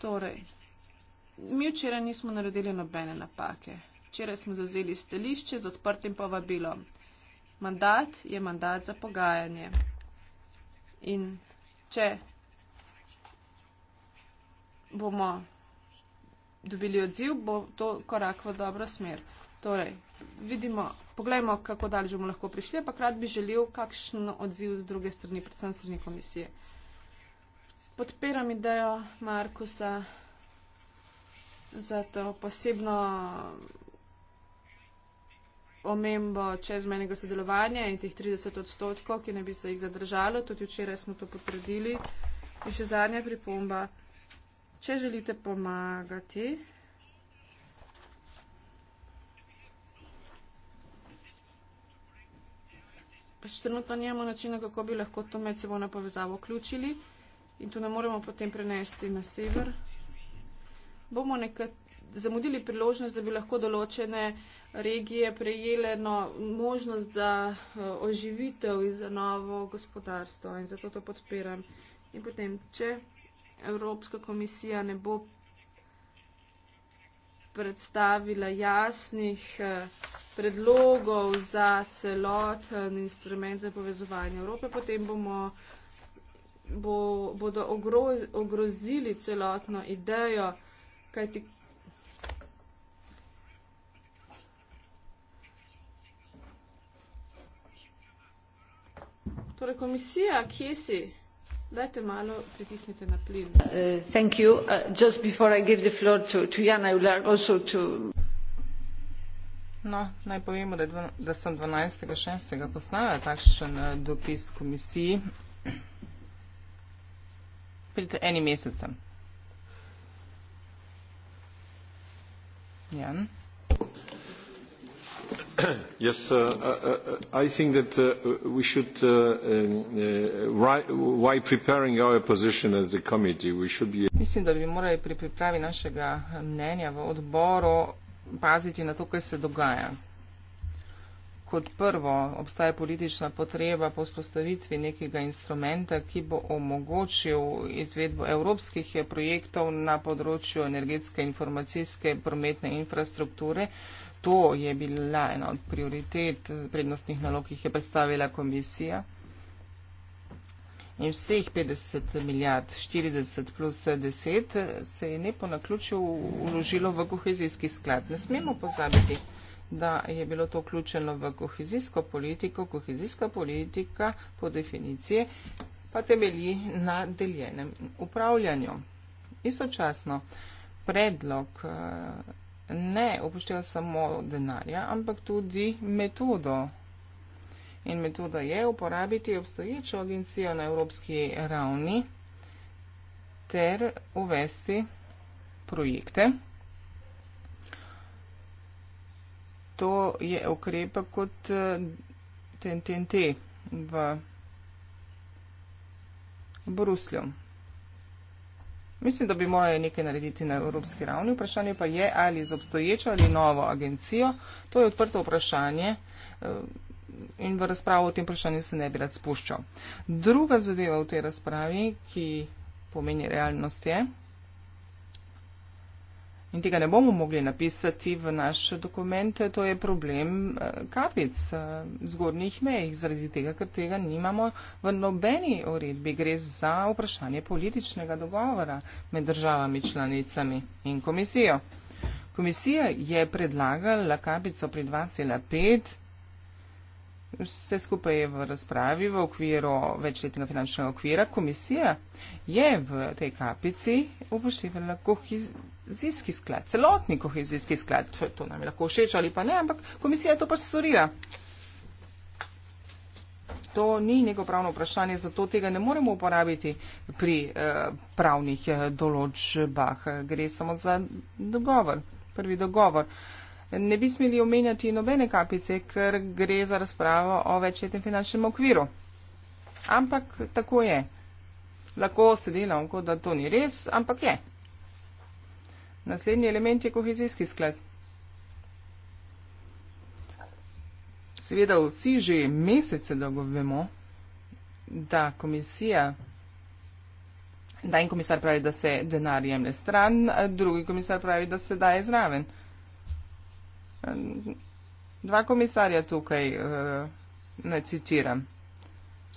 Torej, mi včeraj nismo naredili nobene napake. Včeraj smo zauzeli stališče z odprtim povabilom. Mandat je mandat za pogajanje. In če bomo dobili odziv, bo to korak v dobro smer. Torej, vidimo, pogledajmo, kako daleč bomo lahko prišli, ampak rad bi želel kakšen odziv z druge strani, predvsem strani komisije. Podpiram idejo Markusa za to posebno omembo čezmenjega sodelovanja in teh 30 odstotkov, ki ne bi se jih zadržalo, tudi včeraj smo to potrdili. In še zadnja pripomba, če želite pomagati, pač trenutno nijemo načina, kako bi lahko to med sebojno povezavo vključili in to ne moremo potem prenesti na sever. Bomo nekaj zamudili priložnost, da bi lahko določene regije prejele no, možnost za uh, oživitev in za novo gospodarstvo in zato to podpiram. In potem, če Evropska komisija ne bo predstavila jasnih uh, predlogov za celoten instrument za povezovanje Evrope, potem bomo, bo, bodo ogrozili celotno idejo, kajti. Torej, komisija, kje si? Dajte malo, pritisnite na plin. Uh, thank you. Uh, just before I give the floor to, to Jana, I would like also to... No, naj povemo, da, da sem 12. 6. poslala takšen uh, dopis komisiji pred enim mesecem. Jan? Yeah. Yes, uh, uh, uh, I think that we should, um, while preparing our position as the committee, we should be- Mislim, da bi morali pri pripravi našega mnenja v odboru paziti na to, kaj se dogaja. Kot prvo, obstaja politična potreba po spostavitvi nekega instrumenta, ki bo omogočil izvedbo evropskih projektov na področju energetske informacijske prometne infrastrukture. To je bila ena od prioritet prednostnih nalog, ki jih je predstavila komisija. In vseh 50 milijard, 40 plus 10, se je ne po naključju uložilo v kohezijski sklad. Ne smemo pozabiti, da je bilo to vključeno v kohezijsko politiko. Kohezijska politika po definiciji pa temelji na deljenem upravljanju. Istočasno predlog. Uh, ne upošteva samo denarja, ampak tudi metodo. In metoda je uporabiti obstoječo agencijo na evropski ravni ter uvesti projekte. To je ukrepa kot TNT eh, v Bruslju. Mislim, da bi morali nekaj narediti na evropski ravni. Vprašanje pa je, ali z obstoječo ali novo agencijo. To je odprto vprašanje eh, in v razpravo o tem vprašanju se ne bi rad spuščal. Druga zadeva v tej razpravi, ki pomeni realnost, je, in tega ne bomo mogli napisati v naš dokument, to je problem eh, kapic eh, zgornjih mej, zaradi tega, ker tega nimamo v nobeni uredbi. Gre za vprašanje političnega dogovora med državami članicami in komisijo. Komisija je predlagala kapico pri 2,5. Vse skupaj je v razpravi v okviru večletnega finančnega okvira. Komisija je v tej kapici upoštevala kohezijski sklad, celotni kohezijski sklad. To, to nam je lahko všeč ali pa ne, ampak komisija je to pač storila. To ni neko pravno vprašanje, zato tega ne moremo uporabiti pri eh, pravnih eh, določbah. Gre samo za dogovor, prvi dogovor. Eh, ne bi smeli omenjati nobene kapice, ker gre za razpravo o večletnem finančnem okviru. Ampak tako je. Lahko se delam, kot da to ni res, ampak je. Naslednji element je kohezijski sklad. Seveda vsi že mesece dolgo vemo, da komisija, da en komisar pravi, da se denar jemlje stran, drugi komisar pravi, da se daje zraven. Dva komisarja tukaj eh, ne citiram.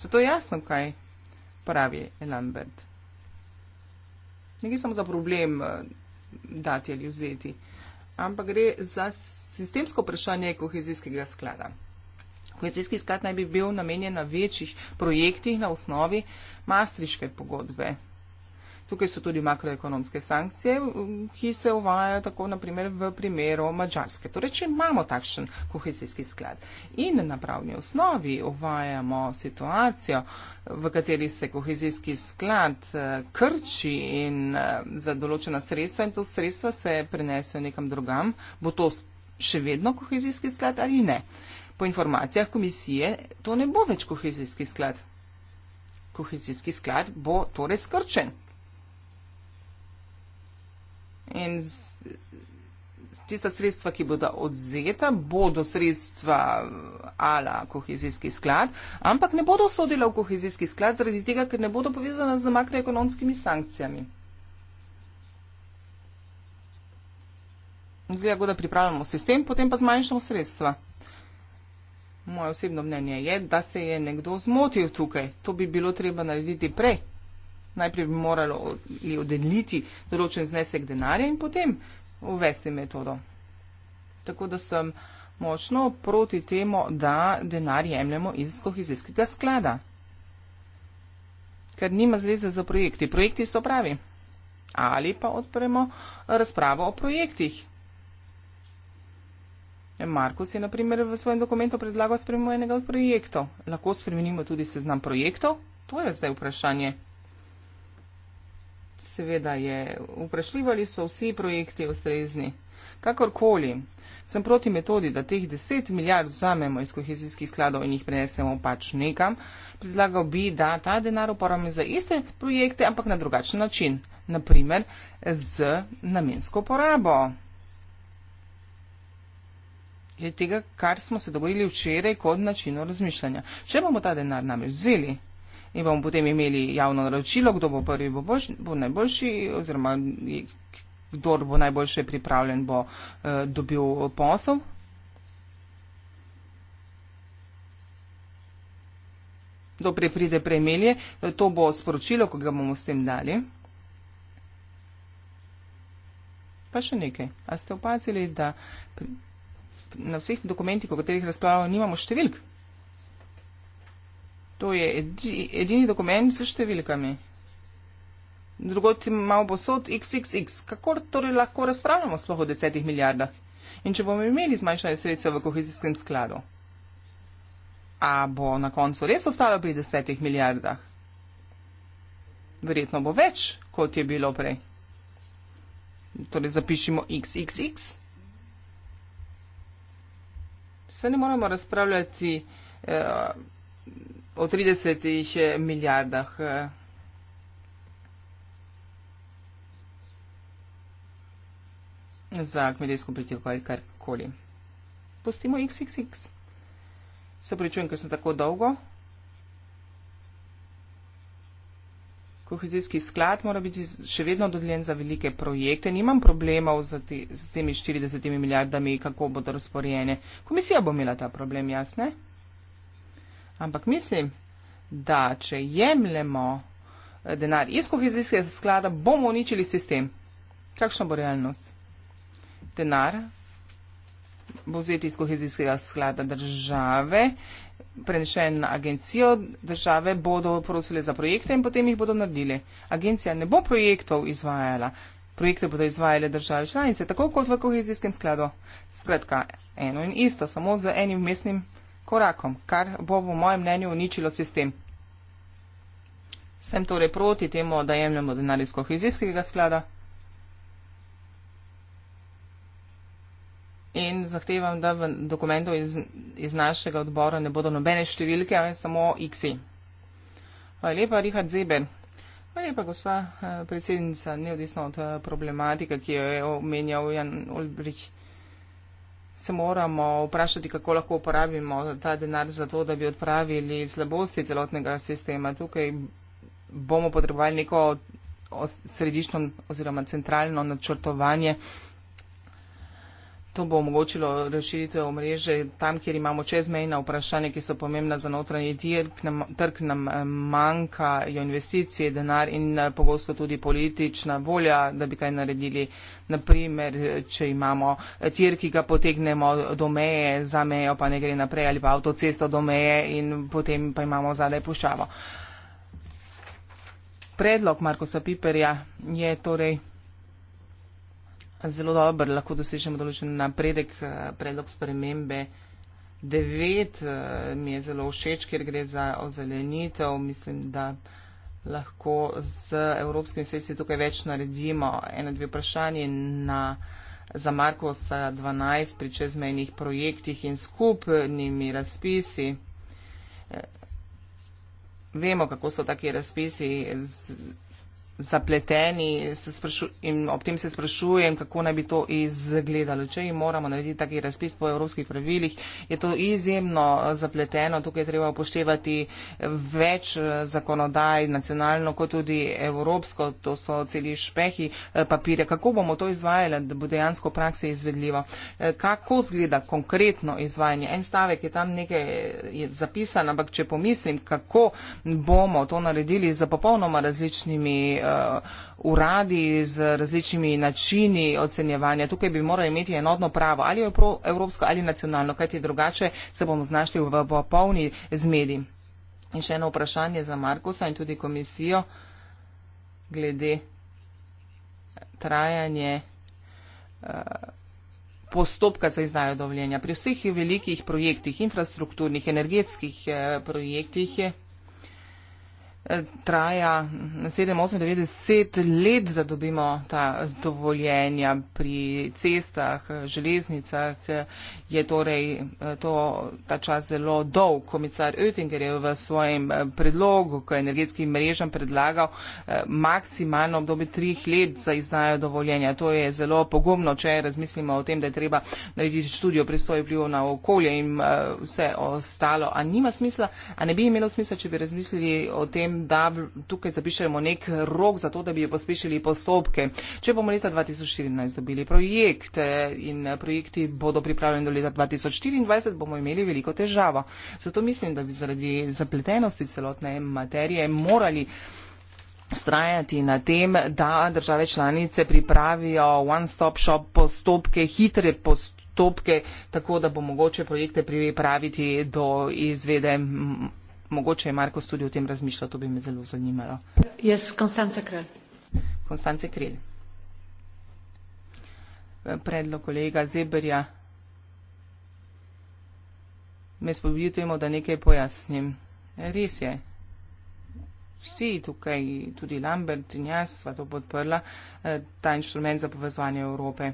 Se to jasno, kaj pravi Lambert? Nekaj samo za problem eh, dati ali vzeti, ampak gre za sistemsko vprašanje kohezijskega sklada. Kohezijski sklad naj bi bil namenjen na večjih projektih na osnovi mastriške pogodbe. Tukaj so tudi makroekonomske sankcije, ki se uvajajo tako naprimer v primeru Mačarske. Torej, če imamo takšen kohezijski sklad in na pravni osnovi uvajamo situacijo, v kateri se kohezijski sklad eh, krči in eh, za določena sredstva in to sredstva se prenesejo nekam drugam, bo to še vedno kohezijski sklad ali ne. Po informacijah komisije to ne bo več kohezijski sklad. Kohezijski sklad bo torej skrčen. In tista sredstva, ki bodo odzeta, bodo sredstva ala kohezijski sklad, ampak ne bodo sodila v kohezijski sklad zaradi tega, ker ne bodo povezana z makroekonomskimi sankcijami. Zgleda, da pripravljamo sistem, potem pa zmanjšamo sredstva. Moje osebno mnenje je, da se je nekdo zmotil tukaj. To bi bilo treba narediti prej. Najprej bi morali odeliti določen znesek denarja in potem uvesti metodo. Tako da sem močno proti temu, da denar jemljemo iz kohezijskega sklada. Ker nima zveze za projekti. Projekti so pravi. Ali pa odpremo razpravo o projektih. E, Markus je naprimer v svojem dokumentu predlagal spremenjenega od projektov. Lahko spremenimo tudi seznam projektov? To je zdaj vprašanje seveda je vprašljivo, ali so vsi projekti ustrezni. Kakorkoli, sem proti metodi, da teh 10 milijard vzamemo iz kohezijskih skladov in jih prenesemo pač nekam. Predlagal bi, da ta denar uporabimo za iste projekte, ampak na drugačen način, naprimer z namensko porabo. Je tega, kar smo se dogovorili včeraj, kot načino razmišljanja. Če bomo ta denar namreč vzeli, in bomo potem imeli javno naročilo, kdo bo prvi, bo, boljši, bo najboljši oziroma kdo bo najboljše pripravljen, bo uh, dobil posel. Kdo prej pride, prej melje, eh, to bo sporočilo, ko ga bomo s tem dali. Pa še nekaj. A ste opazili, da na vseh dokumentih, o katerih razpravljamo, nimamo številk? To je edi, edini dokument s številkami. Drugot imamo posod XXX. Kako torej lahko razpravljamo sploh o desetih milijardah? In če bomo imeli zmanjšanje sredstva v kohezijskem skladu? A bo na koncu res ostalo pri desetih milijardah? Verjetno bo več, kot je bilo prej. Torej zapišimo XXX. Se ne moramo razpravljati. Eh, o 30 eh, milijardah. Eh. Za kmetijsko politiko ali karkoli. Pustimo XXX. Se pričujem, ker sem tako dolgo. Kohezijski sklad mora biti še vedno dodeljen za velike projekte. Nimam problemov te, s temi 40 milijardami, kako bodo razporejene. Komisija bo imela ta problem, jasne? Ampak mislim, da če jemljemo eh, denar iz kohezijskega sklada, bomo uničili sistem. Kakšna bo realnost? Denar bo vzeti iz kohezijskega sklada države, prenešen na agencijo, države bodo prosile za projekte in potem jih bodo naredili. Agencija ne bo projektov izvajala, projekte bodo izvajale države članice, tako kot v kohezijskem skladu. Skratka, eno in isto, samo z enim mestnim korakom, kar bo v mojem mnenju uničilo sistem. Sem torej proti temu, da jemljamo denar iz kohezijskega sklada in zahtevam, da v dokumentu iz, iz našega odbora ne bodo nobene številke, ampak samo X. Hvala lepa, Richard Zeber. Hvala lepa, gospa eh, predsednica, neodvisno od eh, problematike, ki jo je omenjal Jan Ulbrich se moramo vprašati, kako lahko uporabimo ta denar za to, da bi odpravili slabosti celotnega sistema. Tukaj bomo potrebovali neko središčno oziroma centralno načrtovanje, To bo omogočilo rešitev mreže tam, kjer imamo čezmejna vprašanja, ki so pomembna za notranji dirk, nam, trg, nam eh, manjkajo investicije, denar in eh, pogosto tudi politična volja, da bi kaj naredili. Naprimer, eh, če imamo tir, ki ga potegnemo do meje, za mejo pa ne gre naprej ali pa avtocesto do meje in potem pa imamo zadaj puščavo. Predlog Markosa Piperja je torej zelo dober, lahko dosežemo določen napredek, eh, predlog spremembe. Devet eh, mi je zelo všeč, ker gre za ozelenitev. Mislim, da lahko z evropskimi sredstvi tukaj več naredimo. Eno, dve vprašanje na, za Marko sa 12 pri čezmejnih projektih in skupnimi razpisi. Eh, vemo, kako so taki razpisi zapleteni in ob tem se sprašujem, kako naj bi to izgledalo. Če jim moramo narediti taki razpis po evropskih pravilih, je to izjemno zapleteno. Tukaj je treba upoštevati več eh, zakonodaj, nacionalno kot tudi evropsko. To so celi špehi eh, papirja. Kako bomo to izvajali, da bo dejansko prakse izvedljivo? Eh, kako zgleda konkretno izvajanje? En stavek je tam nekaj je zapisan, ampak če pomislim, kako bomo to naredili za popolnoma različnimi uh, uradi z različnimi načini ocenjevanja. Tukaj bi morali imeti enotno pravo, ali evropsko ali nacionalno, kajti drugače se bomo znašli v, v polni zmedi. In še eno vprašanje za Markusa in tudi komisijo glede trajanje eh, postopka za izdajo dovoljenja. Pri vseh velikih projektih, infrastrukturnih, energetskih eh, projektih je traja 7, 8, 9, 10 let, da dobimo ta dovoljenja pri cestah, železnicah, je torej eh, to, ta čas zelo dolg. Komisar Oettinger je v svojem eh, predlogu, ko je energetskim mrežam predlagal eh, maksimalno obdobje 3 let za izdajo dovoljenja. To je zelo pogumno, če razmislimo o tem, da je treba narediti študijo pri svoji vpliv na okolje in vse ostalo. A nima smisla, a ne bi imelo smisla, če bi razmislili o tem, tem, da tukaj zapišemo nek rok za to, da bi pospešili postopke. Če bomo leta 2014 dobili projekt eh, in eh, projekti bodo pripravljeni do leta 2024, bomo imeli veliko težavo. Zato mislim, da bi zaradi zapletenosti celotne materije morali ustrajati na tem, da države članice pripravijo one-stop-shop postopke, hitre postopke, tako da bo mogoče projekte pripraviti do izvede Mogoče je Marko tudi o tem razmišljal, to bi me zelo zanimalo. Jaz, Konstance Krelj. Konstance Krelj. Predlog kolega Zebrja. Me spodbudimo, da nekaj pojasnim. Res je. Vsi tukaj, tudi Lambert in jaz, sva to podprla, eh, ta inštrument za povezovanje Evrope.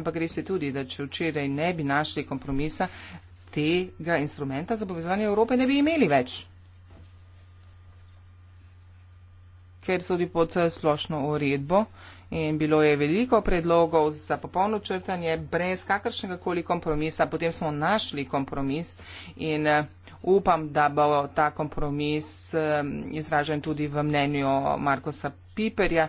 Ampak res je tudi, da če včeraj ne bi našli kompromisa, tega instrumenta za povezovanje Evrope ne bi imeli več. Ker sodi pod splošno uredbo in bilo je veliko predlogov za popolno črtanje, brez kakršnega koli kompromisa, potem smo našli kompromis in eh, upam, da bo ta kompromis eh, izražen tudi v mnenju Markosa Piperja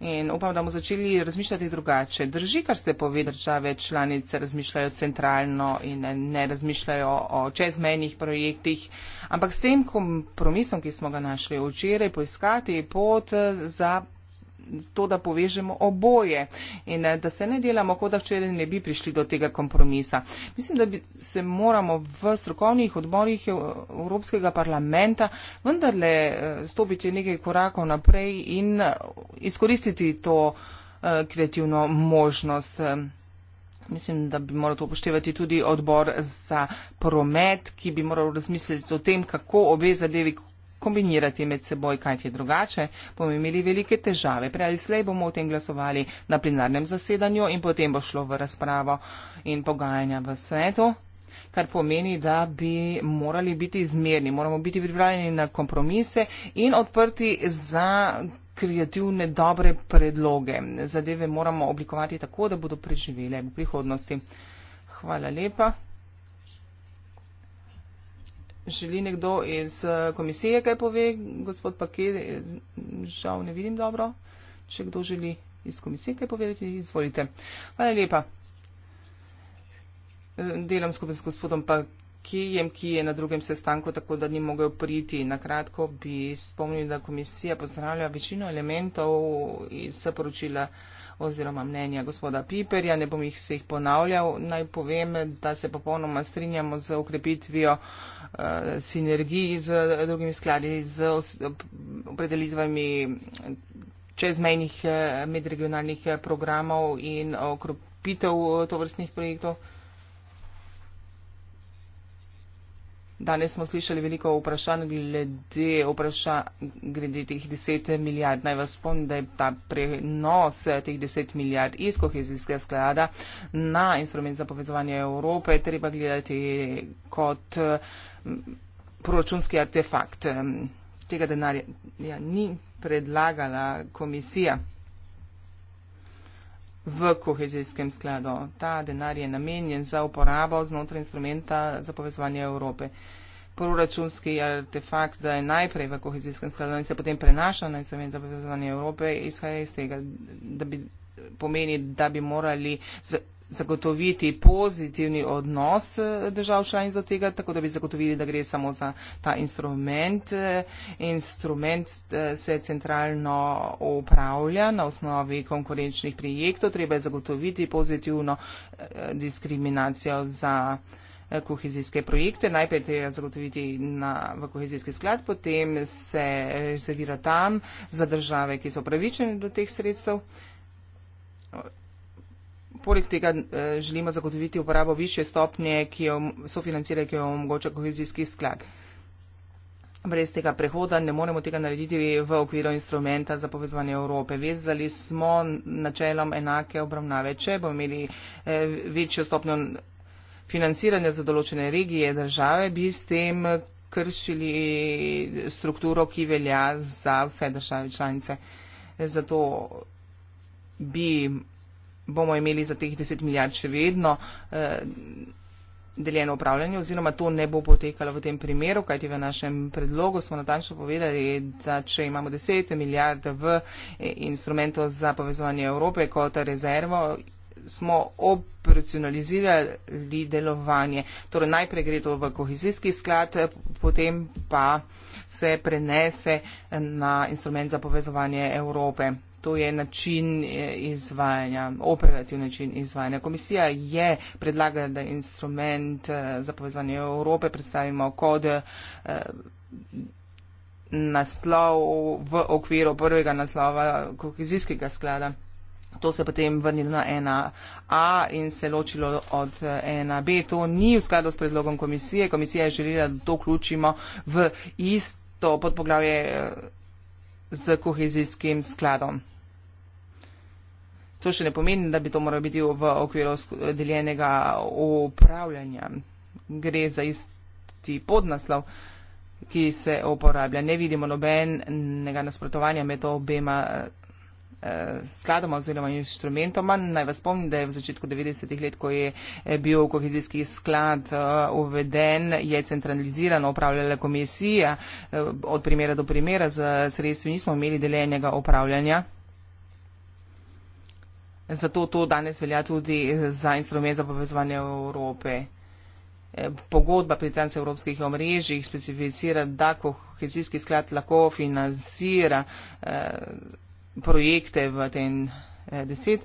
in upam, da bomo začeli razmišljati drugače. Drži, kar ste povedali, države članice razmišljajo centralno in ne razmišljajo o čezmenjih projektih, ampak s tem kompromisom, ki smo ga našli včeraj, poiskati pot za to, da povežemo oboje in eh, da se ne delamo, kot da včeraj ne bi prišli do tega kompromisa. Mislim, da se moramo v strokovnih odborih Evropskega parlamenta vendarle eh, stopiti nekaj korakov naprej in eh, izkoristiti to kreativno možnost. Mislim, da bi moral to upoštevati tudi odbor za promet, ki bi moral razmisliti o tem, kako obe zadevi kombinirati med seboj, kaj ti drugače, bomo imeli velike težave. Prej ali slej bomo o tem glasovali na plenarnem zasedanju in potem bo šlo v razpravo in pogajanja v svetu. Kar pomeni, da bi morali biti izmerni, moramo biti pripravljeni na kompromise in odprti za kreativne, dobre predloge. Zadeve moramo oblikovati tako, da bodo preživele v prihodnosti. Hvala lepa. Želi nekdo iz eh, komisije kaj pove? Gospod Paket, eh, žal ne vidim dobro. Če kdo želi iz komisije kaj povedati, izvolite. Hvala lepa. Eh, delam skupaj s gospodom Paket. Kijem, ki je na drugem sestanku, tako da ni mogel priti. Na kratko bi spomnil, da komisija pozdravlja večino elementov iz saporočila oziroma mnenja gospoda Piperja. Ne bom jih vseh ponavljal. Naj povem, da se popolnoma strinjamo z okrepitvijo uh, sinergij z drugimi skladi, z opredelitvami eh, čezmejnih eh, medregionalnih programov in okrepitev tovrstnih projektov. Danes smo slišali veliko vprašanj glede, vprašan, glede teh 10 milijard. Naj vas spomnim, da je ta prenos eh, teh 10 milijard iz kohezijskega sklada na instrument za povezovanje Evrope treba gledati eh, kot eh, proračunski artefakt. Ehm, tega denarja ja, ni predlagala komisija v kohezijskem skladu. Ta denar je namenjen za uporabo znotraj instrumenta za povezovanje Evrope. Proračunski artefakt, da je najprej v kohezijskem skladu in se potem prenaša na instrument za povezovanje Evrope, izhaja iz tega, da bi pomeni, da bi morali zagotoviti pozitivni odnos eh, držav članic do tega, tako da bi zagotovili, da gre samo za ta instrument. Eh, instrument eh, se centralno upravlja na osnovi konkurenčnih projektov, treba je zagotoviti pozitivno diskriminacijo za kohezijske projekte. Najprej treba zagotoviti na, v kohezijski sklad, potem se rezervira tam za države, ki so upravičene do teh sredstev. Poleg tega eh, želimo zagotoviti uporabo više stopnje, ki jo sofinancira, ki jo omogoča kohezijski sklad. Brez tega prehoda ne moremo tega narediti v okviru instrumenta za povezovanje Evrope. Vezali smo načelom enake obravnave. Če bomo imeli eh, večjo stopnjo financiranja za določene regije države, bi s tem kršili strukturo, ki velja za vse države članice. Zato bi bomo imeli za teh 10 milijard še vedno eh, deljeno upravljanje oziroma to ne bo potekalo v tem primeru, kajti v našem predlogu smo natančno povedali, da če imamo 10 milijard v eh, instrumentu za povezovanje Evrope kot rezervo, smo operacionalizirali delovanje. Torej najprej gre to v kohezijski sklad, potem pa se prenese na instrument za povezovanje Evrope. To je način eh, izvajanja, operativni način izvajanja. Komisija je predlagala, da instrument eh, za povezanje Evrope predstavimo kot eh, naslov v okviru prvega naslova kohezijskega sklada. To se je potem vrnilo na 1A in se ločilo od 1B. To ni v skladu s predlogom komisije. Komisija je želela, da to vključimo v isto podpoglavje z kohezijskim skladom. To še ne pomeni, da bi to moralo biti v okviru deljenega upravljanja. Gre za isti podnaslov, ki se uporablja. Ne vidimo nobenega nasprotovanja med obema Eh, skladoma oziroma inštrumentoma. Naj vas spomnim, da je v začetku 90-ih let, ko je eh, bil kohezijski sklad eh, uveden, je centralizirano upravljala komisija. Od primera do primera z sredstvi nismo imeli deljenega upravljanja. Zato to danes velja tudi za instrument za povezovanje Evrope. Pogodba pri transevropskih omrežjih specificira, da kohezijski sklad lahko financira eh, projekte v ten eh, deset.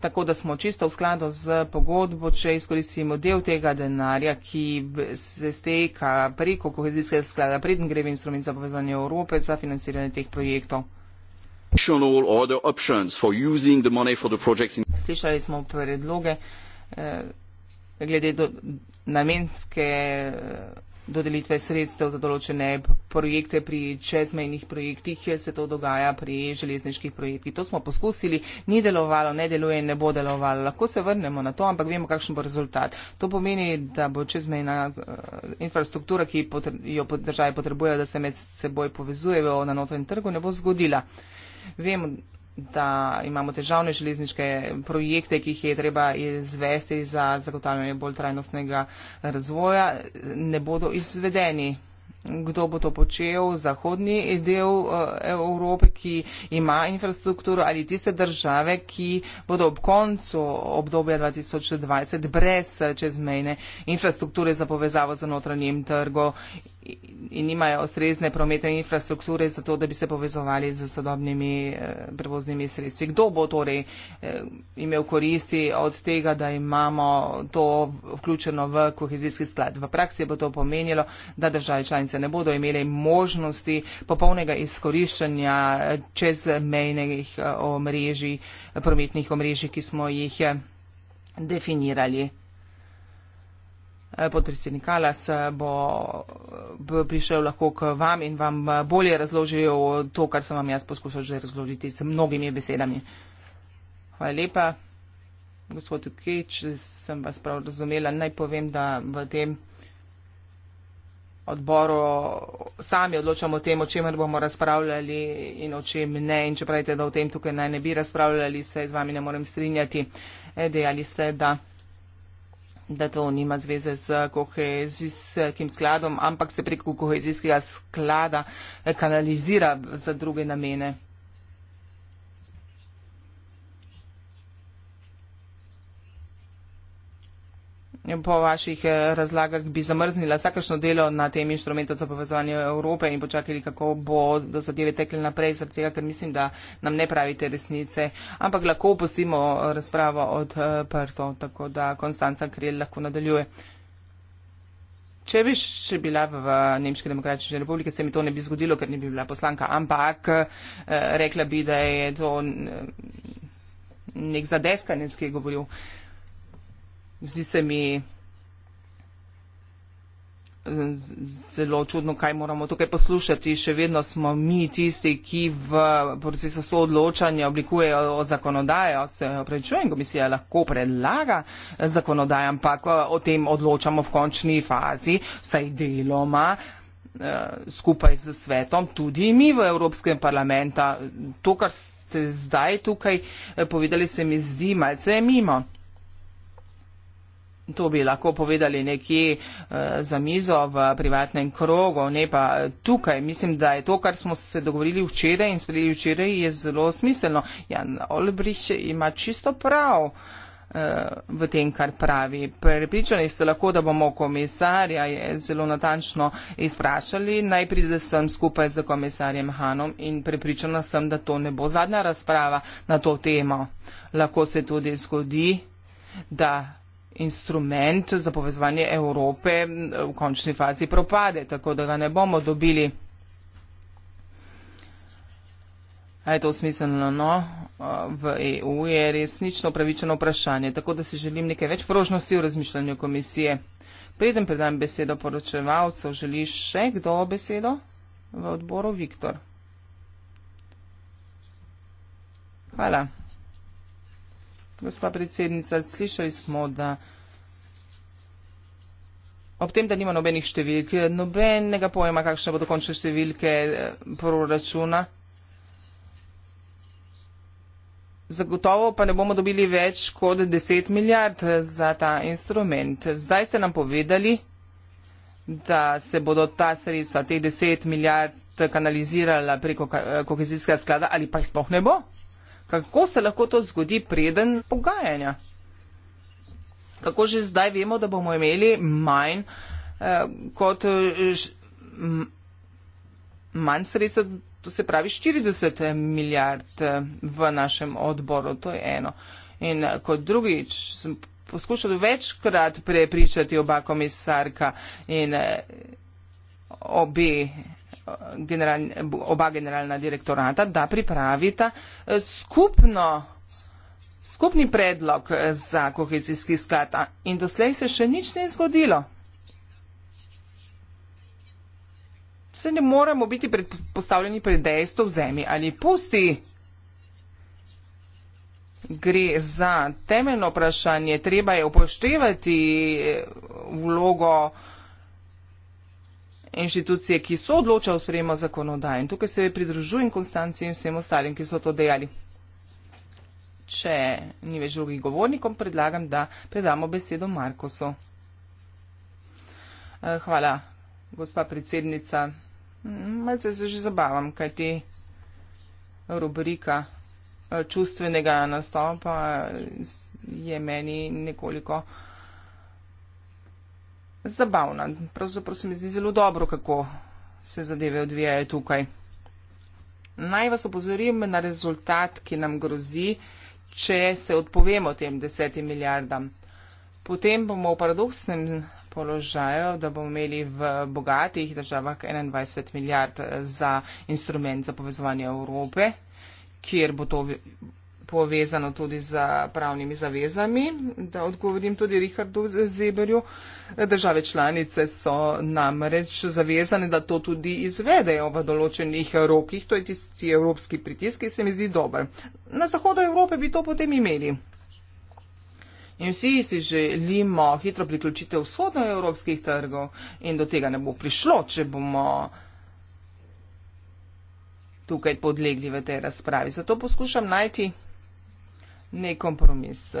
Tako da smo čisto v skladu z pogodbo, če izkoristimo del tega denarja, ki se steka preko kohezijskega sklada, preden gre v instrument za povezanje Evrope za financiranje teh projektov. Slišali smo predloge eh, glede do, namenske. Eh, dodelitve sredstev za določene projekte pri čezmejnih projektih, se to dogaja pri železniških projektih. To smo poskusili, ni delovalo, ne deluje in ne bo delovalo. Lahko se vrnemo na to, ampak vemo, kakšen bo rezultat. To pomeni, da bo čezmejna eh, infrastruktura, ki jo države potrebujejo, da se med seboj povezujejo na notranjem trgu, ne bo zgodila. Vemo, da imamo težavne železniške projekte, ki jih je treba izvesti za zagotavljanje bolj trajnostnega razvoja, ne bodo izvedeni kdo bo to počel, zahodni del eh, Evrope, ki ima infrastrukturo ali tiste države, ki bodo ob koncu obdobja 2020 brez eh, čezmejne infrastrukture za povezavo z notranjim trgom in imajo ustrezne prometne infrastrukture za to, da bi se povezovali z sodobnimi eh, prevoznimi sredstvi. Kdo bo torej imel koristi od tega, da imamo to vključeno v kohezijski sklad? V praksi bo to pomenilo, da države članice članice ne bodo imeli možnosti popolnega izkoriščanja čezmejnih eh, omrežij, prometnih omrežij, ki smo jih eh, definirali. Eh, podpredsednik Alas bo prišel lahko k vam in vam bolje razložil to, kar sem vam jaz poskušal že razložiti s mnogimi besedami. Hvala lepa. Gospod Kič, sem vas prav razumela. Naj povem, da v tem odboru sami odločamo o tem, o čem bomo razpravljali in o čem ne. In če pravite, da o tem tukaj naj ne bi razpravljali, se z vami ne morem strinjati. E, dejali ste, da, da to nima zveze z kohezijskim skladom, ampak se preko kohezijskega sklada kanalizira za druge namene. po vaših eh, razlagah bi zamrznila vsakašno delo na tem inštrumentu za povezovanje Evrope in počakali, kako bo do zadeve tekli naprej, zaradi tega, ker mislim, da nam ne pravite resnice. Ampak lahko opustimo eh, razpravo odprto, tako da Konstanca Krel lahko nadaljuje. Če bi še bila v Nemški demokratični republiki, se mi to ne bi zgodilo, ker ne bi bila poslanka, ampak eh, rekla bi, da je to nek zadeskanec, ki je govoril zdi se mi eh, zelo čudno, kaj moramo tukaj poslušati. Še vedno smo mi tisti, ki v procesu soodločanja oblikujejo zakonodajo. Se opravičujem, komisija lahko predlaga zakonodajo, ampak eh, o tem odločamo v končni fazi, saj deloma eh, skupaj z svetom, tudi mi v Evropskem parlamentu. To, kar ste zdaj tukaj povedali, se mi zdi malce mimo to bi lahko povedali nekje eh, za mizo v privatnem krogu, ne pa tukaj. Mislim, da je to, kar smo se dogovorili včeraj in sprejeli včeraj, je zelo smiselno. Jan Olbrich ima čisto prav eh, v tem, kar pravi. Pripričani ste lahko, da bomo komisarja zelo natančno izprašali. Naj pride sem skupaj z komisarjem Hanom in pripričana sem, da to ne bo zadnja razprava na to temo. Lahko se tudi zgodi, da instrument za povezovanje Evrope v končni fazi propade, tako da ga ne bomo dobili. A je to smiselno, no? V EU je resnično upravičeno vprašanje, tako da si želim nekaj več prožnosti v razmišljanju komisije. Preden predam besedo poročevalcev, želi še kdo besedo? V odboru Viktor. Hvala. Gospa predsednica, slišali smo, da ob tem, da nima nobenih številk, nobenega pojma, kakšne bodo končne številke eh, proračuna, zagotovo pa ne bomo dobili več kot 10 milijard eh, za ta instrument. Zdaj ste nam povedali, da se bodo ta sredstva, te 10 milijard kanalizirala preko eh, kohezijskega sklada ali pa jih sploh ne bo. Kako se lahko to zgodi preden pogajanja? Kako že zdaj vemo, da bomo imeli manj, eh, kot, eh, manj sredstva, to se pravi 40 milijard eh, v našem odboru, to je eno. In eh, kot drugič sem poskušal večkrat prepričati oba komisarka in eh, obe general, oba generalna direktorata, da pripravita eh, skupno, skupni predlog eh, za kohezijski sklad. In doslej se še nič ne zgodilo. Se ne moremo biti postavljeni pred dejstvo v zemlji ali pusti. Gre za temeljno vprašanje, treba je upoštevati eh, vlogo uh, inštitucije, ki so odločali o sprejemu zakonodaje. In tukaj se pridružujem Konstanci in vsem ostalim, ki so to dejali. Če ni več drugih govornikov, predlagam, da predamo besedo Markosu. Eh, hvala, gospa predsednica. Malce se že zabavam, kaj ti rubrika eh, čustvenega nastopa je meni nekoliko zabavna. Pravzaprav se mi zdi zelo dobro, kako se zadeve odvijajo tukaj. Naj vas opozorim na rezultat, ki nam grozi, če se odpovemo tem desetim milijardam. Potem bomo v paradoksnem položaju, da bomo imeli v bogatih državah 21 milijard za instrument za povezovanje Evrope, kjer bo to povezano tudi z pravnimi zavezami. Da odgovorim tudi Richardu Zeberju. Države članice so namreč zavezane, da to tudi izvedejo v določenih rokih. To je tisti evropski pritisk, ki se mi zdi dober. Na zahodu Evrope bi to potem imeli. In vsi si želimo hitro priključitev vzhodnoevropskih trgov in do tega ne bo prišlo, če bomo tukaj podlegli v tej razpravi. Zato poskušam najti nek kompromis.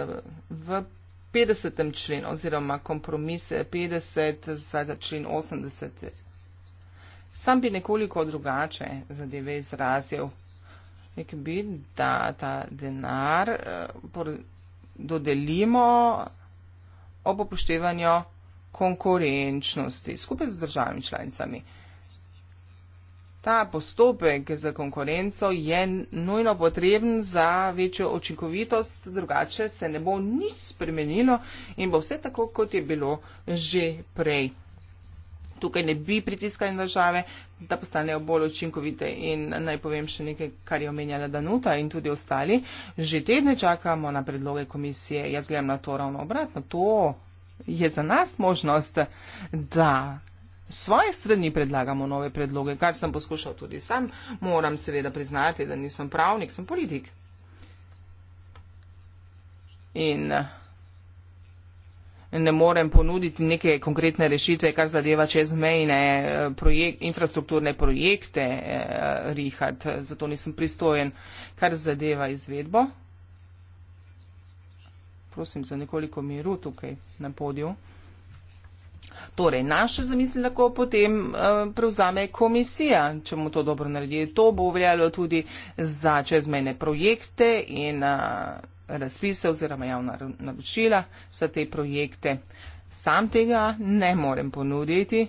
V 50. členu oziroma kompromis je 50, zdaj ta člen 80. Sam bi nekoliko drugače zadeve izrazil. Nek bi, da ta denar eh, dodelimo ob upoštevanju konkurenčnosti skupaj z državami članicami ta postopek za konkurenco je nujno potreben za večjo očinkovitost, drugače se ne bo nič spremenilo in bo vse tako, kot je bilo že prej. Tukaj ne bi pritiskali države, da postanejo bolj učinkovite. In naj povem še nekaj, kar je omenjala Danuta in tudi ostali. Že tedne čakamo na predloge komisije. Jaz gledam na to ravno obratno. To je za nas možnost, da svoje strani predlagamo nove predloge, kar sem poskušal tudi sam. Moram seveda priznati, da nisem pravnik, sem politik. In eh, ne morem ponuditi neke konkretne rešitve, kar zadeva čezmejne eh, projekt, infrastrukturne projekte, eh, Richard, zato nisem pristojen, kar zadeva izvedbo. Prosim za nekoliko miru tukaj na podiju. Torej, naše zamisli lahko potem uh, prevzame komisija, če mu to dobro naredi. To bo veljalo tudi za čezmejne projekte in uh, razpise oziroma javna naročila za te projekte. Sam tega ne morem ponuditi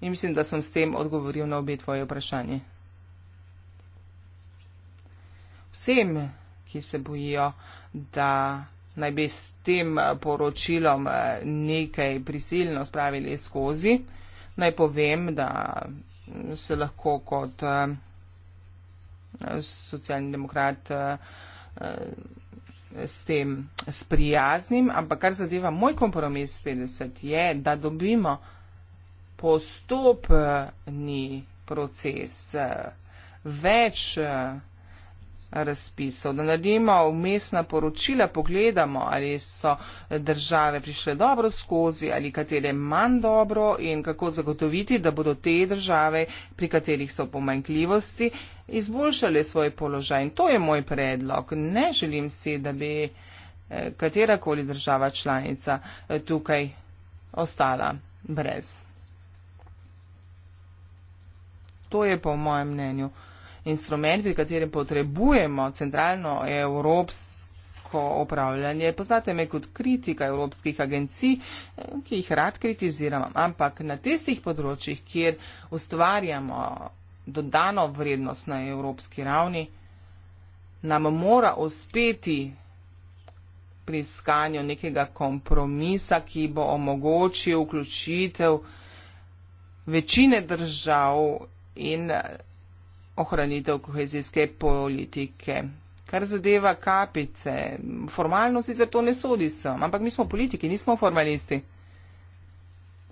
in mislim, da sem s tem odgovoril na obe tvoje vprašanje. Vsem, ki se bojijo, da naj bi s tem eh, poročilom eh, nekaj prisilno spravili skozi. Naj povem, da mm, se lahko kot eh, socialni demokrat s tem sprijaznim, ampak kar zadeva moj kompromis 50 je, da dobimo postopni proces več razpisov, da naredimo umestna poročila, pogledamo, ali so države prišle dobro skozi, ali katere manj dobro in kako zagotoviti, da bodo te države, pri katerih so pomanjkljivosti, izboljšale svoj položaj. In to je moj predlog. Ne želim si, da bi eh, katerakoli država članica eh, tukaj ostala brez. To je po mojem mnenju instrument, pri katerem potrebujemo centralno evropsko upravljanje. Poznate me kot kritika evropskih agencij, ki jih rad kritiziram, ampak na tistih področjih, kjer ustvarjamo dodano vrednost na evropski ravni, nam mora uspeti pri iskanju nekega kompromisa, ki bo omogočil vključitev večine držav in ohranitev kohezijske politike. Kar zadeva kapice, formalno sicer to ne sodi sem, ampak mi smo politiki, nismo formalisti.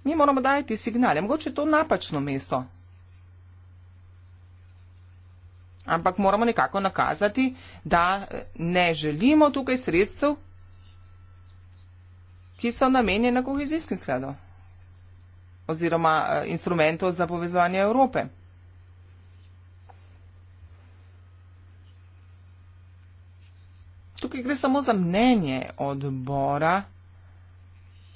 Mi moramo dajati signale, mogoče je to napačno mesto. Ampak moramo nekako nakazati, da eh, ne želimo tukaj sredstev, ki so namenjene kohezijskim skladom oziroma eh, instrumentov za povezovanje Evrope. tukaj gre samo za mnenje odbora.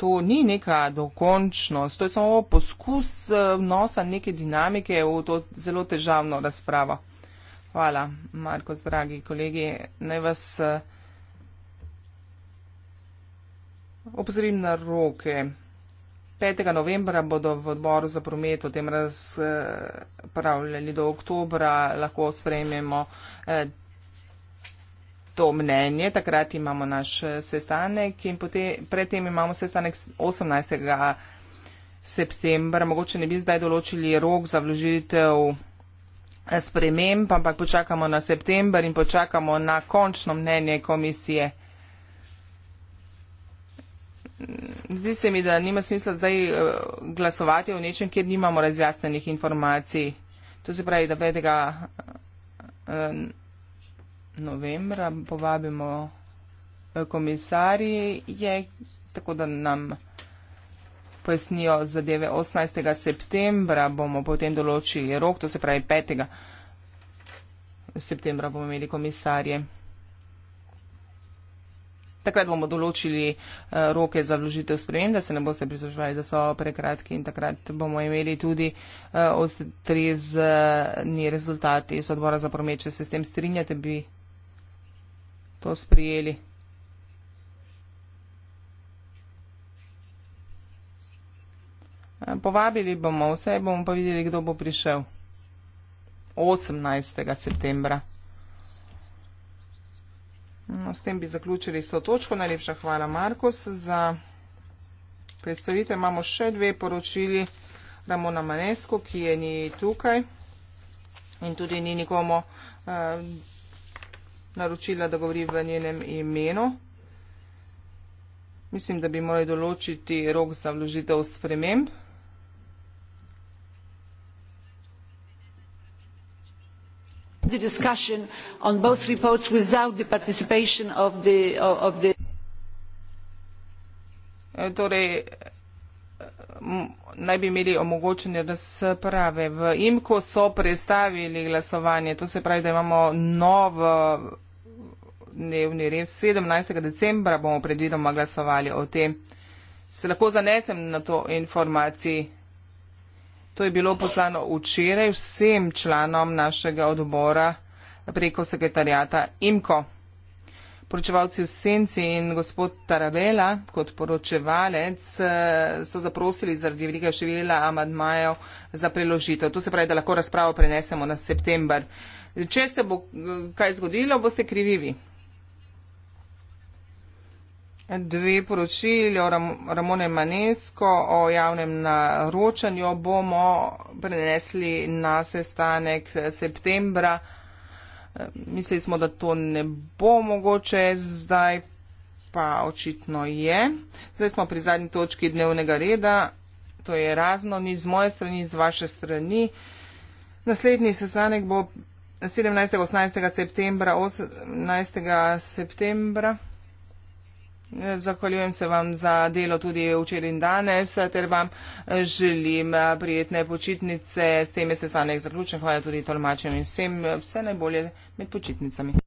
To ni neka dokončnost, to je samo poskus eh, vnosa neke dinamike v to zelo težavno razpravo. Hvala, Marko, dragi kolegi. Naj vas eh, opozorim na roke. 5. novembra bodo v odboru za promet o tem razpravljali do oktobra, lahko sprejmemo eh, to mnenje, takrat imamo naš eh, sestanek in potem, predtem imamo sestanek 18. septembra. Mogoče ne bi zdaj določili rok za vložitev eh, sprememb, ampak počakamo na september in počakamo na končno mnenje komisije. Zdi se mi, da nima smisla zdaj eh, glasovati o nečem, kjer nimamo razjasnenih informacij. To se pravi, da 5 novembra povabimo eh, komisarji, je, tako da nam pojasnijo zadeve. 18. septembra bomo potem določili rok, to se pravi 5. septembra bomo imeli komisarje. Takrat bomo določili eh, roke za vložitev sprememb, da se ne boste prizoževali, da so prekratki in takrat bomo imeli tudi eh, ostrezni rezultati iz odbora za promet, če se s tem strinjate, bi to sprijeli. E, povabili bomo vse, bomo pa videli, kdo bo prišel. 18. septembra. No, s tem bi zaključili s to točko. Najlepša hvala, Markus, za predstavitev. Imamo še dve poročili Ramona Manesko, ki je ni tukaj in tudi ni nikomu. Uh, naročila, da govori v njenem imenu. Mislim, da bi morali določiti rok za vložitev sprememb. E, torej, naj bi imeli omogočenje razprave. V IMKO so predstavili glasovanje, to se pravi, da imamo novo dnevni red. 17. decembra bomo predvidoma glasovali o tem. Se lahko zanesem na to informacijo. To je bilo poslano včeraj vsem članom našega odbora preko sekretarjata IMKO. Poročevalci v Senci in gospod Tarabela kot poročevalec eh, so zaprosili zaradi velikega števila amadmajev za preložitev. To se pravi, da lahko razpravo prenesemo na september. Če se bo eh, kaj zgodilo, boste krivivi dve poročili o Ramone Manesko, o javnem naročanju bomo prenesli na sestanek septembra. Eh, mislili smo, da to ne bo mogoče, zdaj pa očitno je. Zdaj smo pri zadnji točki dnevnega reda, to je razno, ni z moje strani, z vaše strani. Naslednji sestanek bo 17. 18. septembra, 18. septembra. Zahvaljujem se vam za delo tudi včeraj in danes ter vam želim prijetne počitnice. S tem je se sanek zaključen. Hvala tudi tolmačem in vsem. Vse najbolje med počitnicami.